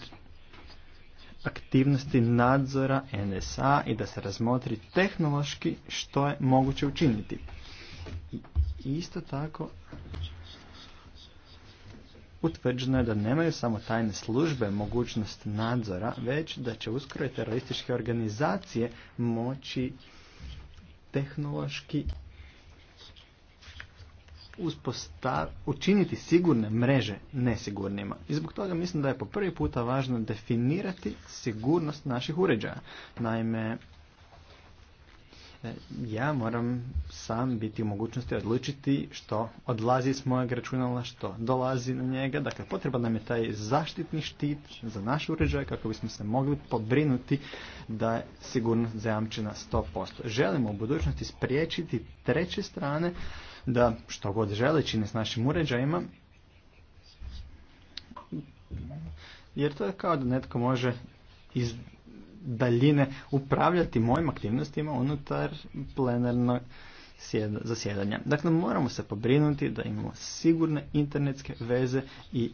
[SPEAKER 4] aktivnosti nadzora NSA i da se razmotri tehnološki što je moguće učiniti. I isto tako utvrđeno je da nemaju samo tajne službe mogućnost nadzora, već da će uskoro terorističke organizacije moći tehnološki uspostav, učiniti sigurne mreže nesigurnima. I zbog toga mislim da je po prvi puta važno definirati sigurnost naših uređaja. Naime, E, ja moram sam biti u mogućnosti odlučiti što odlazi s mojeg računala, što dolazi na njega. Dakle, potreba nam je taj zaštitni štit za naš uređaj kako bismo se mogli pobrinuti da je sigurnost zajamčena 100%. Želimo u budućnosti spriječiti treće strane da što god žele čine s našim uređajima, jer to je kao da netko može iz daljine upravljati mojim aktivnostima unutar plenarnog zasjedanja. Dakle, moramo se pobrinuti da imamo sigurne internetske veze i,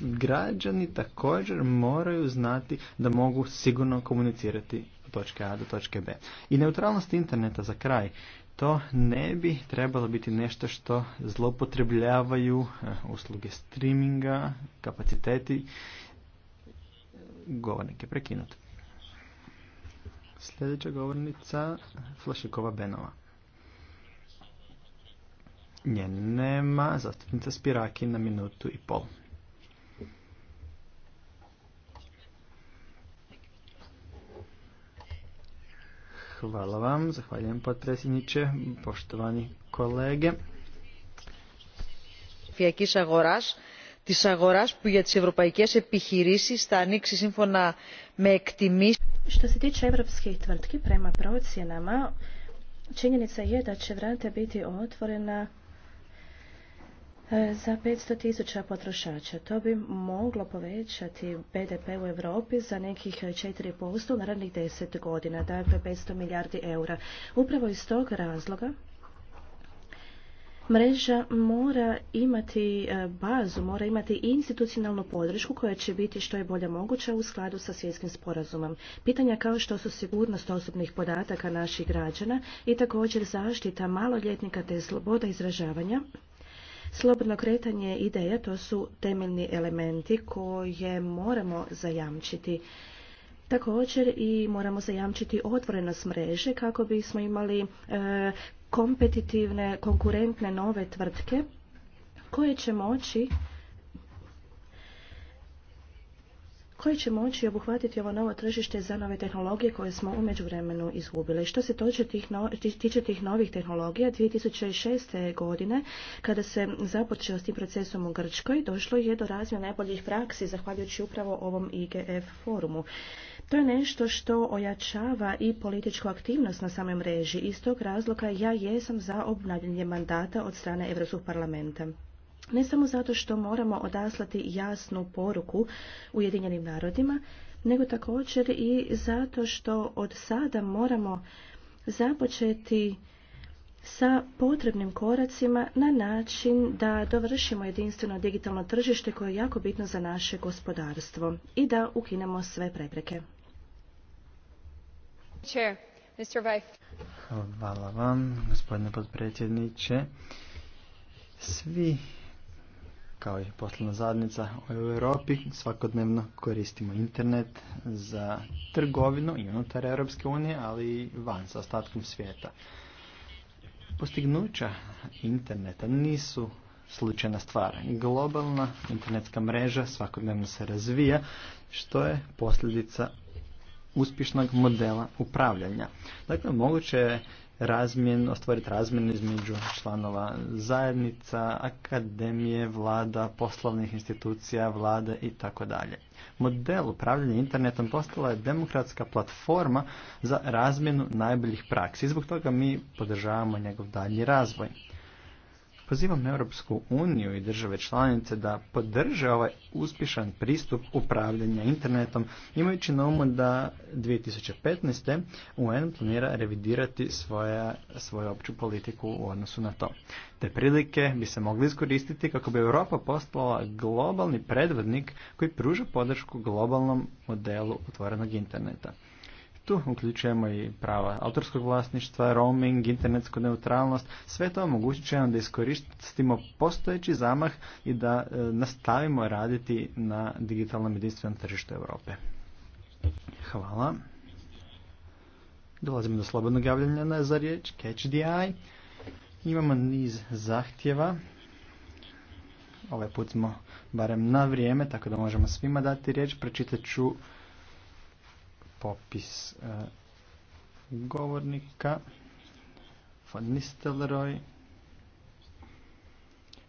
[SPEAKER 4] građani također moraju znati da mogu sigurno komunicirati od točke A do točke B. I neutralnost interneta za kraj, to ne bi trebalo biti nešto što zlopotrebljavaju eh, usluge streaminga, kapaciteti, govornik je prekinut. Sljedeća govornica Flašikova Benova. Nje nema, zastupnica Spiraki na minutu i pol. Hvala vam, zahvaljujem potpredsjedniče, poštovani kolege.
[SPEAKER 7] Fijaki agora της αγοράς που για τις ευρωπαϊκές επιχειρήσεις θα ανοίξει σύμφωνα što se tiče evropskih tvrtki, prema procjenama, činjenica je da će vrata biti otvorena e, za 500 tisuća potrošača. To bi moglo povećati BDP u Europi za nekih 4% u narednih 10 godina, dakle 500 milijardi eura. Upravo iz tog razloga mreža mora imati e, bazu, mora imati institucionalnu podršku koja će biti što je bolje moguća u skladu sa svjetskim sporazumom. Pitanja kao što su sigurnost osobnih podataka naših građana i također zaštita maloljetnika te sloboda izražavanja Slobodno kretanje ideja to su temeljni elementi koje moramo zajamčiti. Također i moramo zajamčiti otvorenost mreže kako bismo imali e, kompetitivne, konkurentne nove tvrtke koje će moći koje će moći obuhvatiti ovo novo tržište za nove tehnologije koje smo u međuvremenu izgubili. Što se tiče tih novih tehnologija, 2006. godine, kada se započeo s tim procesom u Grčkoj, došlo je do razmjena najboljih praksi, zahvaljujući upravo ovom IGF forumu. To je nešto što ojačava i političku aktivnost na samoj mreži. Iz tog razloga ja jesam za obnavljanje mandata od strane Europskog parlamenta. Ne samo zato što moramo odaslati jasnu poruku Ujedinjenim narodima, nego također i zato što od sada moramo započeti sa potrebnim koracima na način da dovršimo jedinstveno digitalno tržište koje je jako bitno za naše gospodarstvo i da ukinemo sve prepreke.
[SPEAKER 4] Hvala vam, gospodine potpredsjedniče. Svi, kao i poslovna zadnica u Europi, svakodnevno koristimo internet za trgovinu i unutar Europske unije, ali i van sa ostatkom svijeta. Postignuća interneta nisu slučajna stvar. Globalna internetska mreža svakodnevno se razvija, što je posljedica uspješnog modela upravljanja. Dakle, moguće je razmjen, ostvariti razmjenu između članova zajednica, akademije, vlada, poslovnih institucija, vlade i tako dalje. Model upravljanja internetom postala je demokratska platforma za razmjenu najboljih praksi. Zbog toga mi podržavamo njegov dalji razvoj. Pozivam Europsku uniju i države članice da podrže ovaj uspješan pristup upravljanja internetom, imajući na umu da 2015. UN planira revidirati svoja, svoju opću politiku u odnosu na to. Te prilike bi se mogli iskoristiti kako bi Europa postala globalni predvodnik koji pruža podršku globalnom modelu otvorenog interneta. Tu uključujemo i prava autorskog vlasništva, roaming, internetsku neutralnost. Sve to omogućit će nam da iskoristimo postojeći zamah i da e, nastavimo raditi na digitalnom jedinstvenom tržištu Europe. Hvala. Dolazimo do slobodnog javljanja za riječ, catch the eye. Imamo niz zahtjeva. Ovaj put smo barem na vrijeme, tako da možemo svima dati riječ. Pročitat ću popis e, govornika. Van Nistelroj,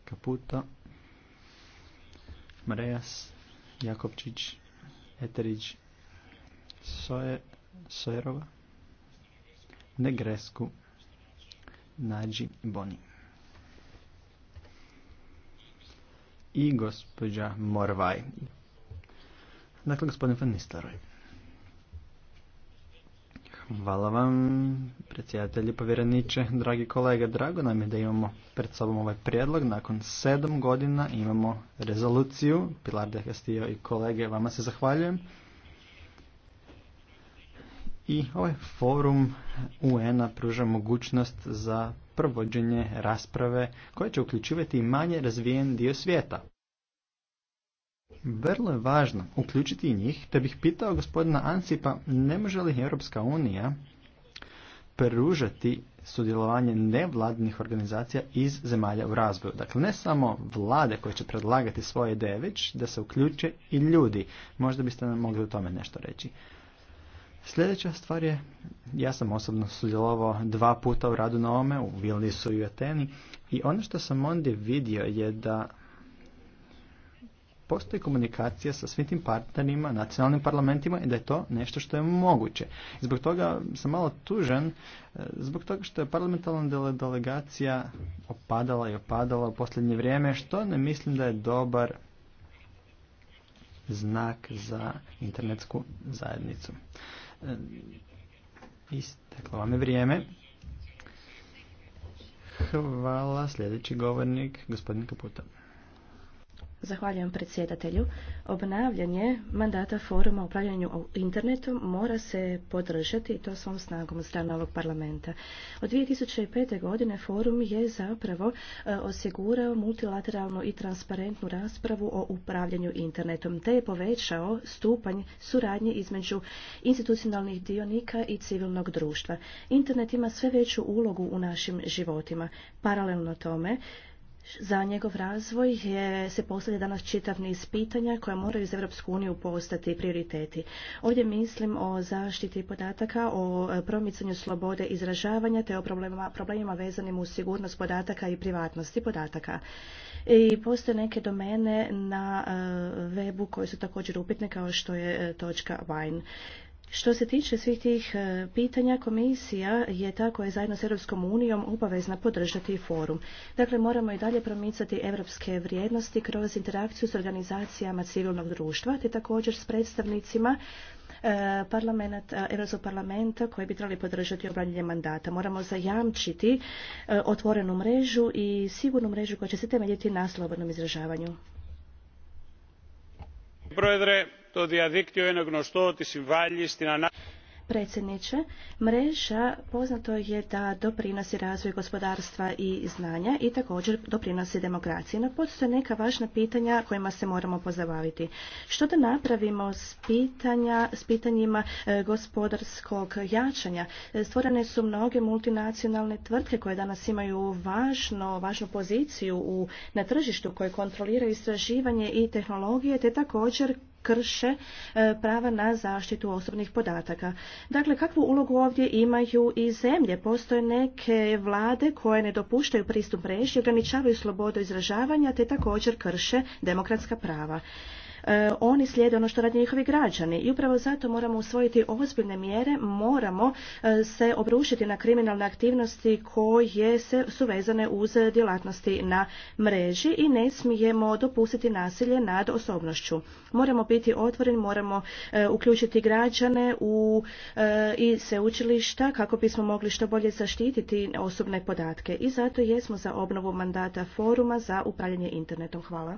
[SPEAKER 4] Kaputo, Mrejas, Jakopčić Eterić, Sojerova, Negresku, Nađi Boni. I gospođa Morvaj. Dakle, gospodin Van Hvala vam, predsjedatelji povjereniče, dragi kolege. Drago nam je da imamo pred sobom ovaj prijedlog. Nakon sedam godina imamo rezoluciju. Pilar de Castillo i kolege, vama se zahvaljujem. I ovaj forum un pruža mogućnost za provođenje rasprave koja će uključivati i manje razvijen dio svijeta. Vrlo je važno uključiti i njih, te bih pitao gospodina Ansipa ne može li Europska unija peružati sudjelovanje nevladnih organizacija iz zemalja u razvoju. Dakle, ne samo vlade koje će predlagati svoje ideje, već da se uključe i ljudi. Možda biste nam mogli o tome nešto reći. Sljedeća stvar je, ja sam osobno sudjelovao dva puta u radu na ovome, u Vilnisu i u Ateni, i ono što sam ondje vidio je da postoji komunikacija sa svim tim partnerima, nacionalnim parlamentima i da je to nešto što je moguće. Zbog toga sam malo tužan, e, zbog toga što je parlamentarna delegacija opadala i opadala u posljednje vrijeme, što ne mislim da je dobar znak za internetsku zajednicu. E, isteklo vam je vrijeme. Hvala, sljedeći govornik, gospodin Kaputa.
[SPEAKER 7] Zahvaljujem predsjedatelju. Obnavljanje mandata foruma o upravljanju internetom mora se podržati i to svom snagom od strane ovog parlamenta. Od 2005. godine forum je zapravo e, osigurao multilateralnu i transparentnu raspravu o upravljanju internetom, te je povećao stupanj suradnje između institucionalnih dionika i civilnog društva. Internet ima sve veću ulogu u našim životima. Paralelno tome, za njegov razvoj je, se postavlja danas čitav niz pitanja koja moraju iz Europsku uniju postati prioriteti. Ovdje mislim o zaštiti podataka, o e, promicanju slobode izražavanja te o problemima, problemima vezanim uz sigurnost podataka i privatnosti podataka. I postoje neke domene na e, webu koje su također upitne kao što je e, točka što se tiče svih tih e, pitanja, komisija je tako je zajedno s Europskom unijom obavezna podržati forum. Dakle, moramo i dalje promicati evropske vrijednosti kroz interakciju s organizacijama civilnog društva, te također s predstavnicima e, e, parlamenta koji bi trebali podržati obranjenje mandata. Moramo zajamčiti otvorenu mrežu i sigurnu mrežu koja će se temeljiti na slobodnom izražavanju to Predsjedniče, mreža poznato je da doprinosi razvoju gospodarstva i znanja i također doprinosi demokraciji. No postoje neka važna pitanja kojima se moramo pozabaviti. Što da napravimo s, pitanja, s pitanjima e, gospodarskog jačanja? E, stvorene su mnoge multinacionalne tvrtke koje danas imaju važno, važnu poziciju u, na tržištu koje kontroliraju istraživanje i tehnologije te također krše e, prava na zaštitu osobnih podataka. Dakle, kakvu ulogu ovdje imaju i zemlje? Postoje neke vlade koje ne dopuštaju pristup mreži, ograničavaju slobodu izražavanja te također krše demokratska prava. E, oni slijede ono što radi njihovi građani i upravo zato moramo usvojiti ozbiljne mjere, moramo e, se obrušiti na kriminalne aktivnosti koje su vezane uz djelatnosti na mreži i ne smijemo dopustiti nasilje nad osobnošću. Moramo biti otvoreni, moramo e, uključiti građane u, i sveučilišta kako bismo mogli što bolje zaštititi osobne podatke i zato jesmo za obnovu mandata foruma za upravljanje internetom. Hvala.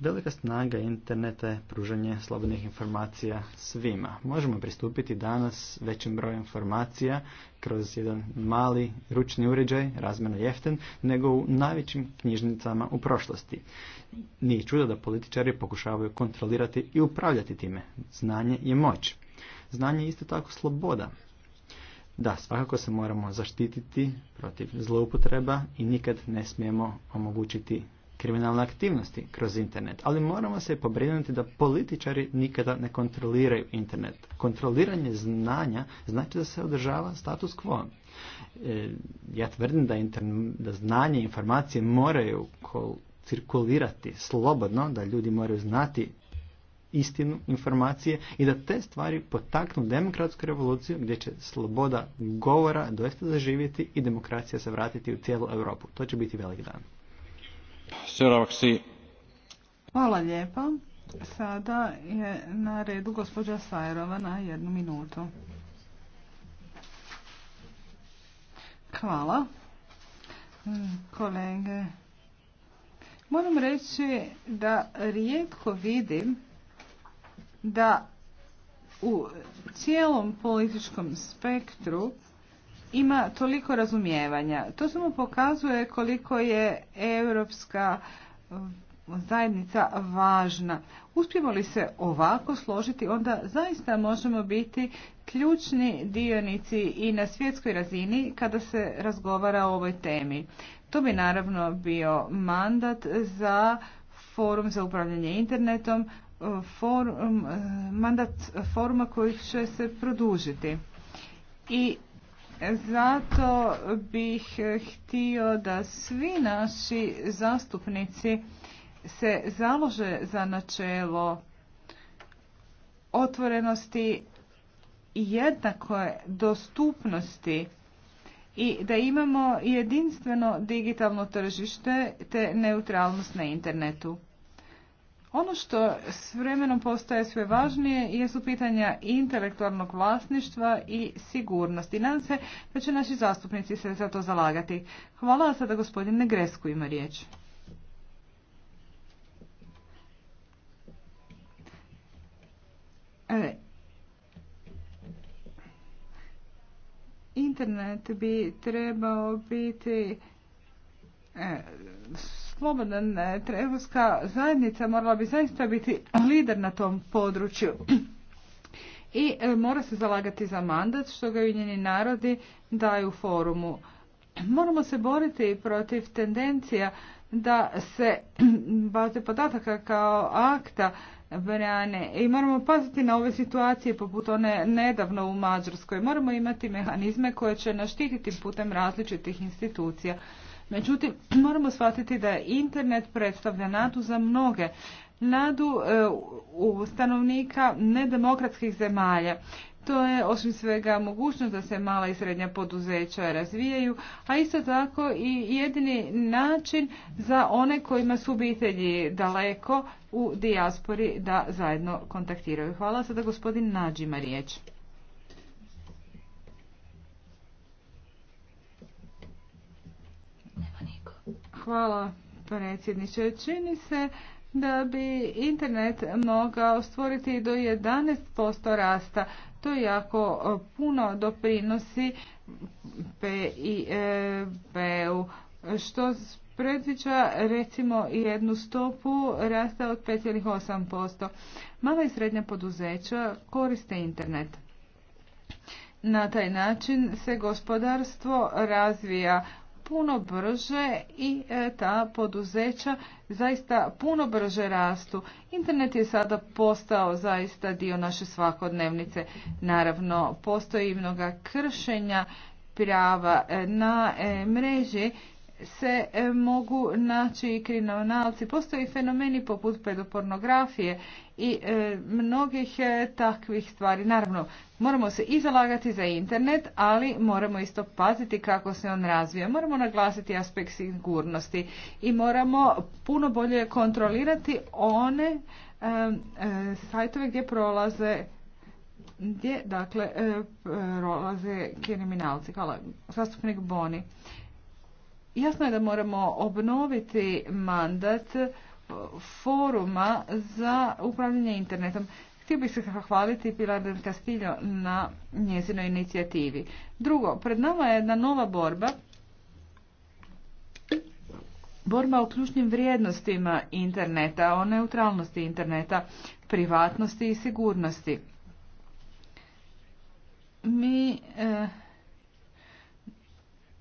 [SPEAKER 4] Velika snaga interneta je pruženje slobodnih informacija svima. Možemo pristupiti danas većem brojem informacija kroz jedan mali ručni uređaj, razmjerno jeften, nego u najvećim knjižnicama u prošlosti. Nije čudo da političari pokušavaju kontrolirati i upravljati time. Znanje je moć. Znanje je isto tako sloboda. Da, svakako se moramo zaštititi protiv zloupotreba i nikad ne smijemo omogućiti kriminalne aktivnosti kroz internet, ali moramo se pobrinuti da političari nikada ne kontroliraju internet. Kontroliranje znanja znači da se održava status quo. E, ja tvrdim da, da znanje i informacije moraju cirkulirati slobodno, da ljudi moraju znati istinu, informacije i da te stvari potaknu demokratsku revoluciju gdje će sloboda govora doista zaživjeti i demokracija se vratiti u cijelu Europu. To će biti velik dan.
[SPEAKER 6] Hvala lijepa. Sada je na redu gospođa Sajrova na jednu minutu. Hvala. Mm, kolege, moram reći da rijetko vidim da u cijelom političkom spektru ima toliko razumijevanja. To samo pokazuje koliko je europska mm, zajednica važna. Uspijemo li se ovako složiti, onda zaista možemo biti ključni dionici i na svjetskoj razini kada se razgovara o ovoj temi. To bi naravno bio mandat za forum za upravljanje internetom, mm, mandat foruma koji će se produžiti. I zato bih htio da svi naši zastupnici se založe za načelo otvorenosti i jednakoj dostupnosti i da imamo jedinstveno digitalno tržište te neutralnost na internetu. Ono što s vremenom postaje sve važnije su pitanja intelektualnog vlasništva i sigurnosti. Nadam se da će naši zastupnici se za to zalagati. Hvala sada gospodin Negresku ima riječ. E, internet bi trebao biti e, slobodan trevska zajednica morala bi zaista biti lider na tom području i e, mora se zalagati za mandat što ga Ujedinjeni narodi daju forumu. Moramo se boriti protiv tendencija da se baze podataka kao akta brane i moramo paziti na ove situacije poput one nedavno u Mađarskoj. Moramo imati mehanizme koje će naštititi putem različitih institucija. Međutim, moramo shvatiti da internet predstavlja nadu za mnoge. Nadu e, u stanovnika nedemokratskih zemalja. To je osim svega mogućnost da se mala i srednja poduzeća razvijaju, a isto tako i jedini način za one kojima su obitelji daleko u dijaspori da zajedno kontaktiraju. Hvala sada gospodin Nađima riječ. Hvala predsjedniče. Čini se da bi internet mogao stvoriti do 11% rasta. To jako puno doprinosi PIB-u, e što predviđa recimo jednu stopu rasta od 5,8%. Mala i srednja poduzeća koriste internet. Na taj način se gospodarstvo razvija puno brže i e, ta poduzeća zaista puno brže rastu. Internet je sada postao zaista dio naše svakodnevnice. Naravno, postoji mnoga kršenja prava e, na e, mreži se e, mogu naći i kriminalci. Postoji fenomeni poput pedopornografije i e, mnogih e, takvih stvari. Naravno, moramo se izalagati za internet, ali moramo isto paziti kako se on razvija. Moramo naglasiti aspekt sigurnosti i moramo puno bolje kontrolirati one e, sajtove gdje prolaze gdje, dakle, prolaze kriminalci. Hvala. Zastupnik Boni. Jasno je da moramo obnoviti mandat foruma za upravljanje internetom. Htio bih se hvaliti Pilar del Castillo na njezinoj inicijativi. Drugo, pred nama je jedna nova borba. Borba o ključnim vrijednostima interneta, o neutralnosti interneta, privatnosti i sigurnosti. Mi eh,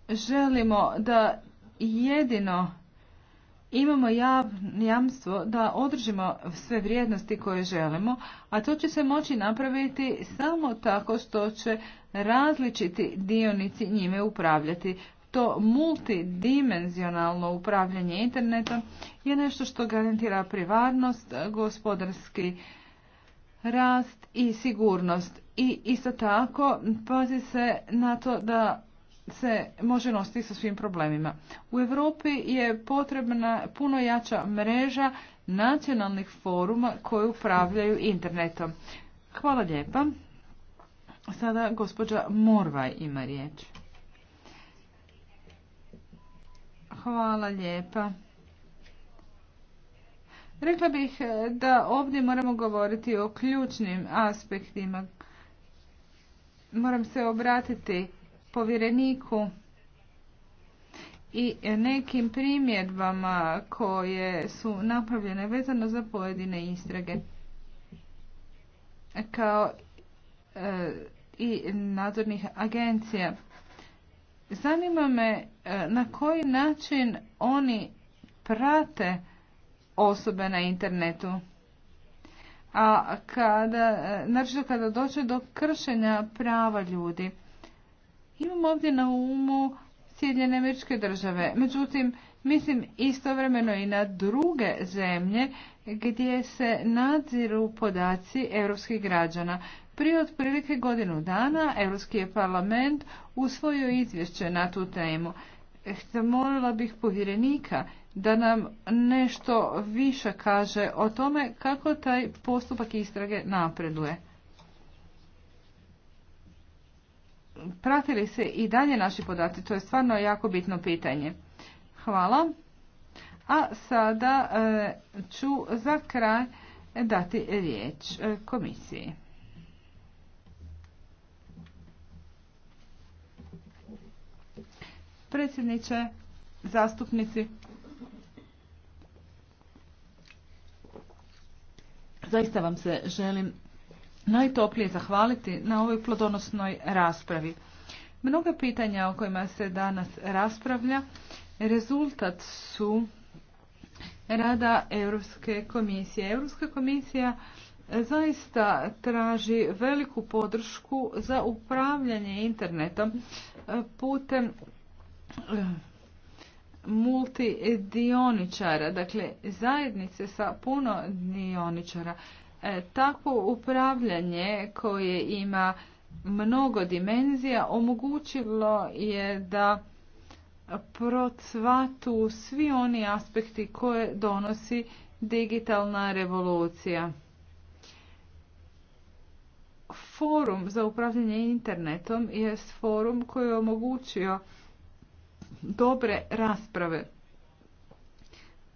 [SPEAKER 6] želimo da jedino imamo jamstvo da održimo sve vrijednosti koje želimo, a to će se moći napraviti samo tako što će različiti dionici njime upravljati. To multidimenzionalno upravljanje internetom je nešto što garantira privarnost, gospodarski rast i sigurnost. I isto tako pazi se na to da se može nositi sa svim problemima. U Europi je potrebna puno jača mreža nacionalnih foruma koji upravljaju internetom. Hvala lijepa. Sada gospođa Morvaj ima riječ. Hvala lijepa. Rekla bih eh, da ovdje moramo govoriti o ključnim aspektima. Moram se obratiti povjereniku i nekim primjedbama koje su napravljene vezano za pojedine istrage kao e, i nadzornih agencija. Zanima me e, na koji način oni prate osobe na internetu. A kada, e, naravno kada dođe do kršenja prava ljudi, imam ovdje na umu Sjedinjene američke države. Međutim, mislim istovremeno i na druge zemlje gdje se nadziru podaci europskih građana. Prije otprilike godinu dana Europski je parlament usvojio izvješće na tu temu. Zamolila bih povjerenika da nam nešto više kaže o tome kako taj postupak istrage napreduje. pratili se i dalje naši podaci? To je stvarno jako bitno pitanje. Hvala. A sada e, ću za kraj dati riječ e, komisiji. Predsjedniče, zastupnici, zaista vam se želim najtoplije zahvaliti na ovoj plodonosnoj raspravi. Mnoga pitanja o kojima se danas raspravlja rezultat su rada Europske komisije. Europska komisija zaista traži veliku podršku za upravljanje internetom e, putem e, multidioničara, dakle zajednice sa puno dioničara. E, takvo upravljanje koje ima mnogo dimenzija omogućilo je da procvatu svi oni aspekti koje donosi digitalna revolucija. Forum za upravljanje internetom je forum koji je omogućio dobre rasprave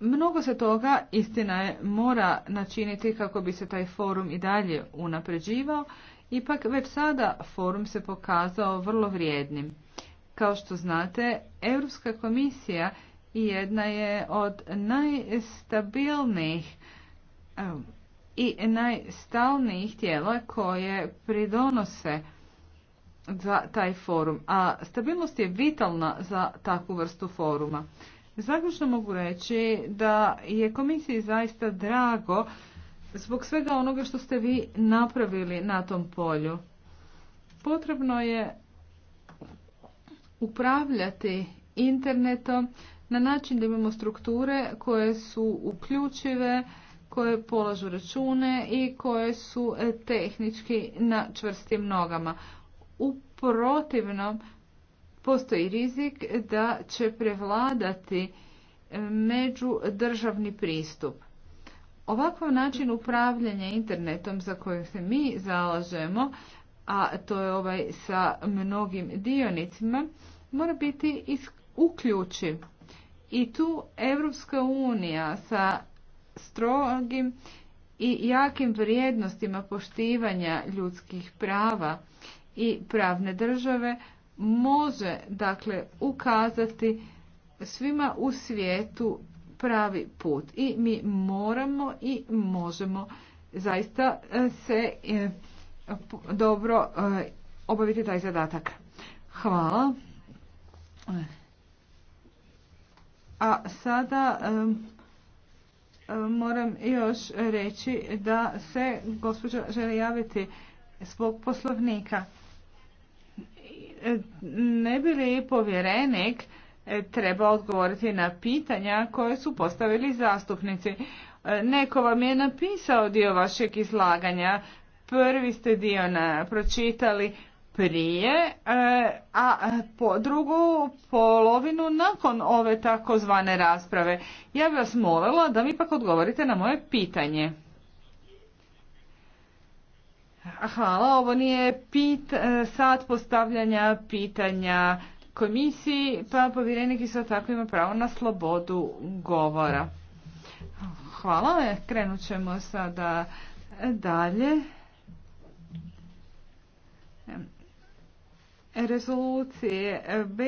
[SPEAKER 6] Mnogo se toga, istina je, mora načiniti kako bi se taj forum i dalje unapređivao, ipak već sada forum se pokazao vrlo vrijednim. Kao što znate, Europska komisija jedna je od najstabilnijih i najstalnijih tijela koje pridonose za taj forum, a stabilnost je vitalna za takvu vrstu foruma. Zaključno mogu reći da je komisiji zaista drago zbog svega onoga što ste vi napravili na tom polju. Potrebno je upravljati internetom na način da imamo strukture koje su uključive, koje polažu račune i koje su e, tehnički na čvrstim nogama. U protivnom postoji rizik da će prevladati e, međudržavni pristup. Ovakav način upravljanja internetom za kojeg se mi zalažemo, a to je ovaj sa mnogim dionicima, mora biti uključiv. I tu Evropska unija sa strogim i jakim vrijednostima poštivanja ljudskih prava i pravne države može dakle ukazati svima u svijetu pravi put i mi moramo i možemo zaista e, se e, dobro e, obaviti taj zadatak. Hvala. A sada moram još reći da se gospođa želi javiti svog poslovnika. Ne bi li povjerenik e, treba odgovoriti na pitanja koje su postavili zastupnici? E, neko vam je napisao dio vašeg izlaganja. Prvi ste dio na, pročitali prije, e, a po drugu polovinu nakon ove takozvane rasprave. Ja bih vas molila da mi ipak odgovorite na moje pitanje. Hvala, ovo nije pit, e, sat postavljanja pitanja komisiji, pa povjerenik isto tako ima pravo na slobodu govora. Hvala, e, krenut ćemo sada e, dalje. Rezolucije b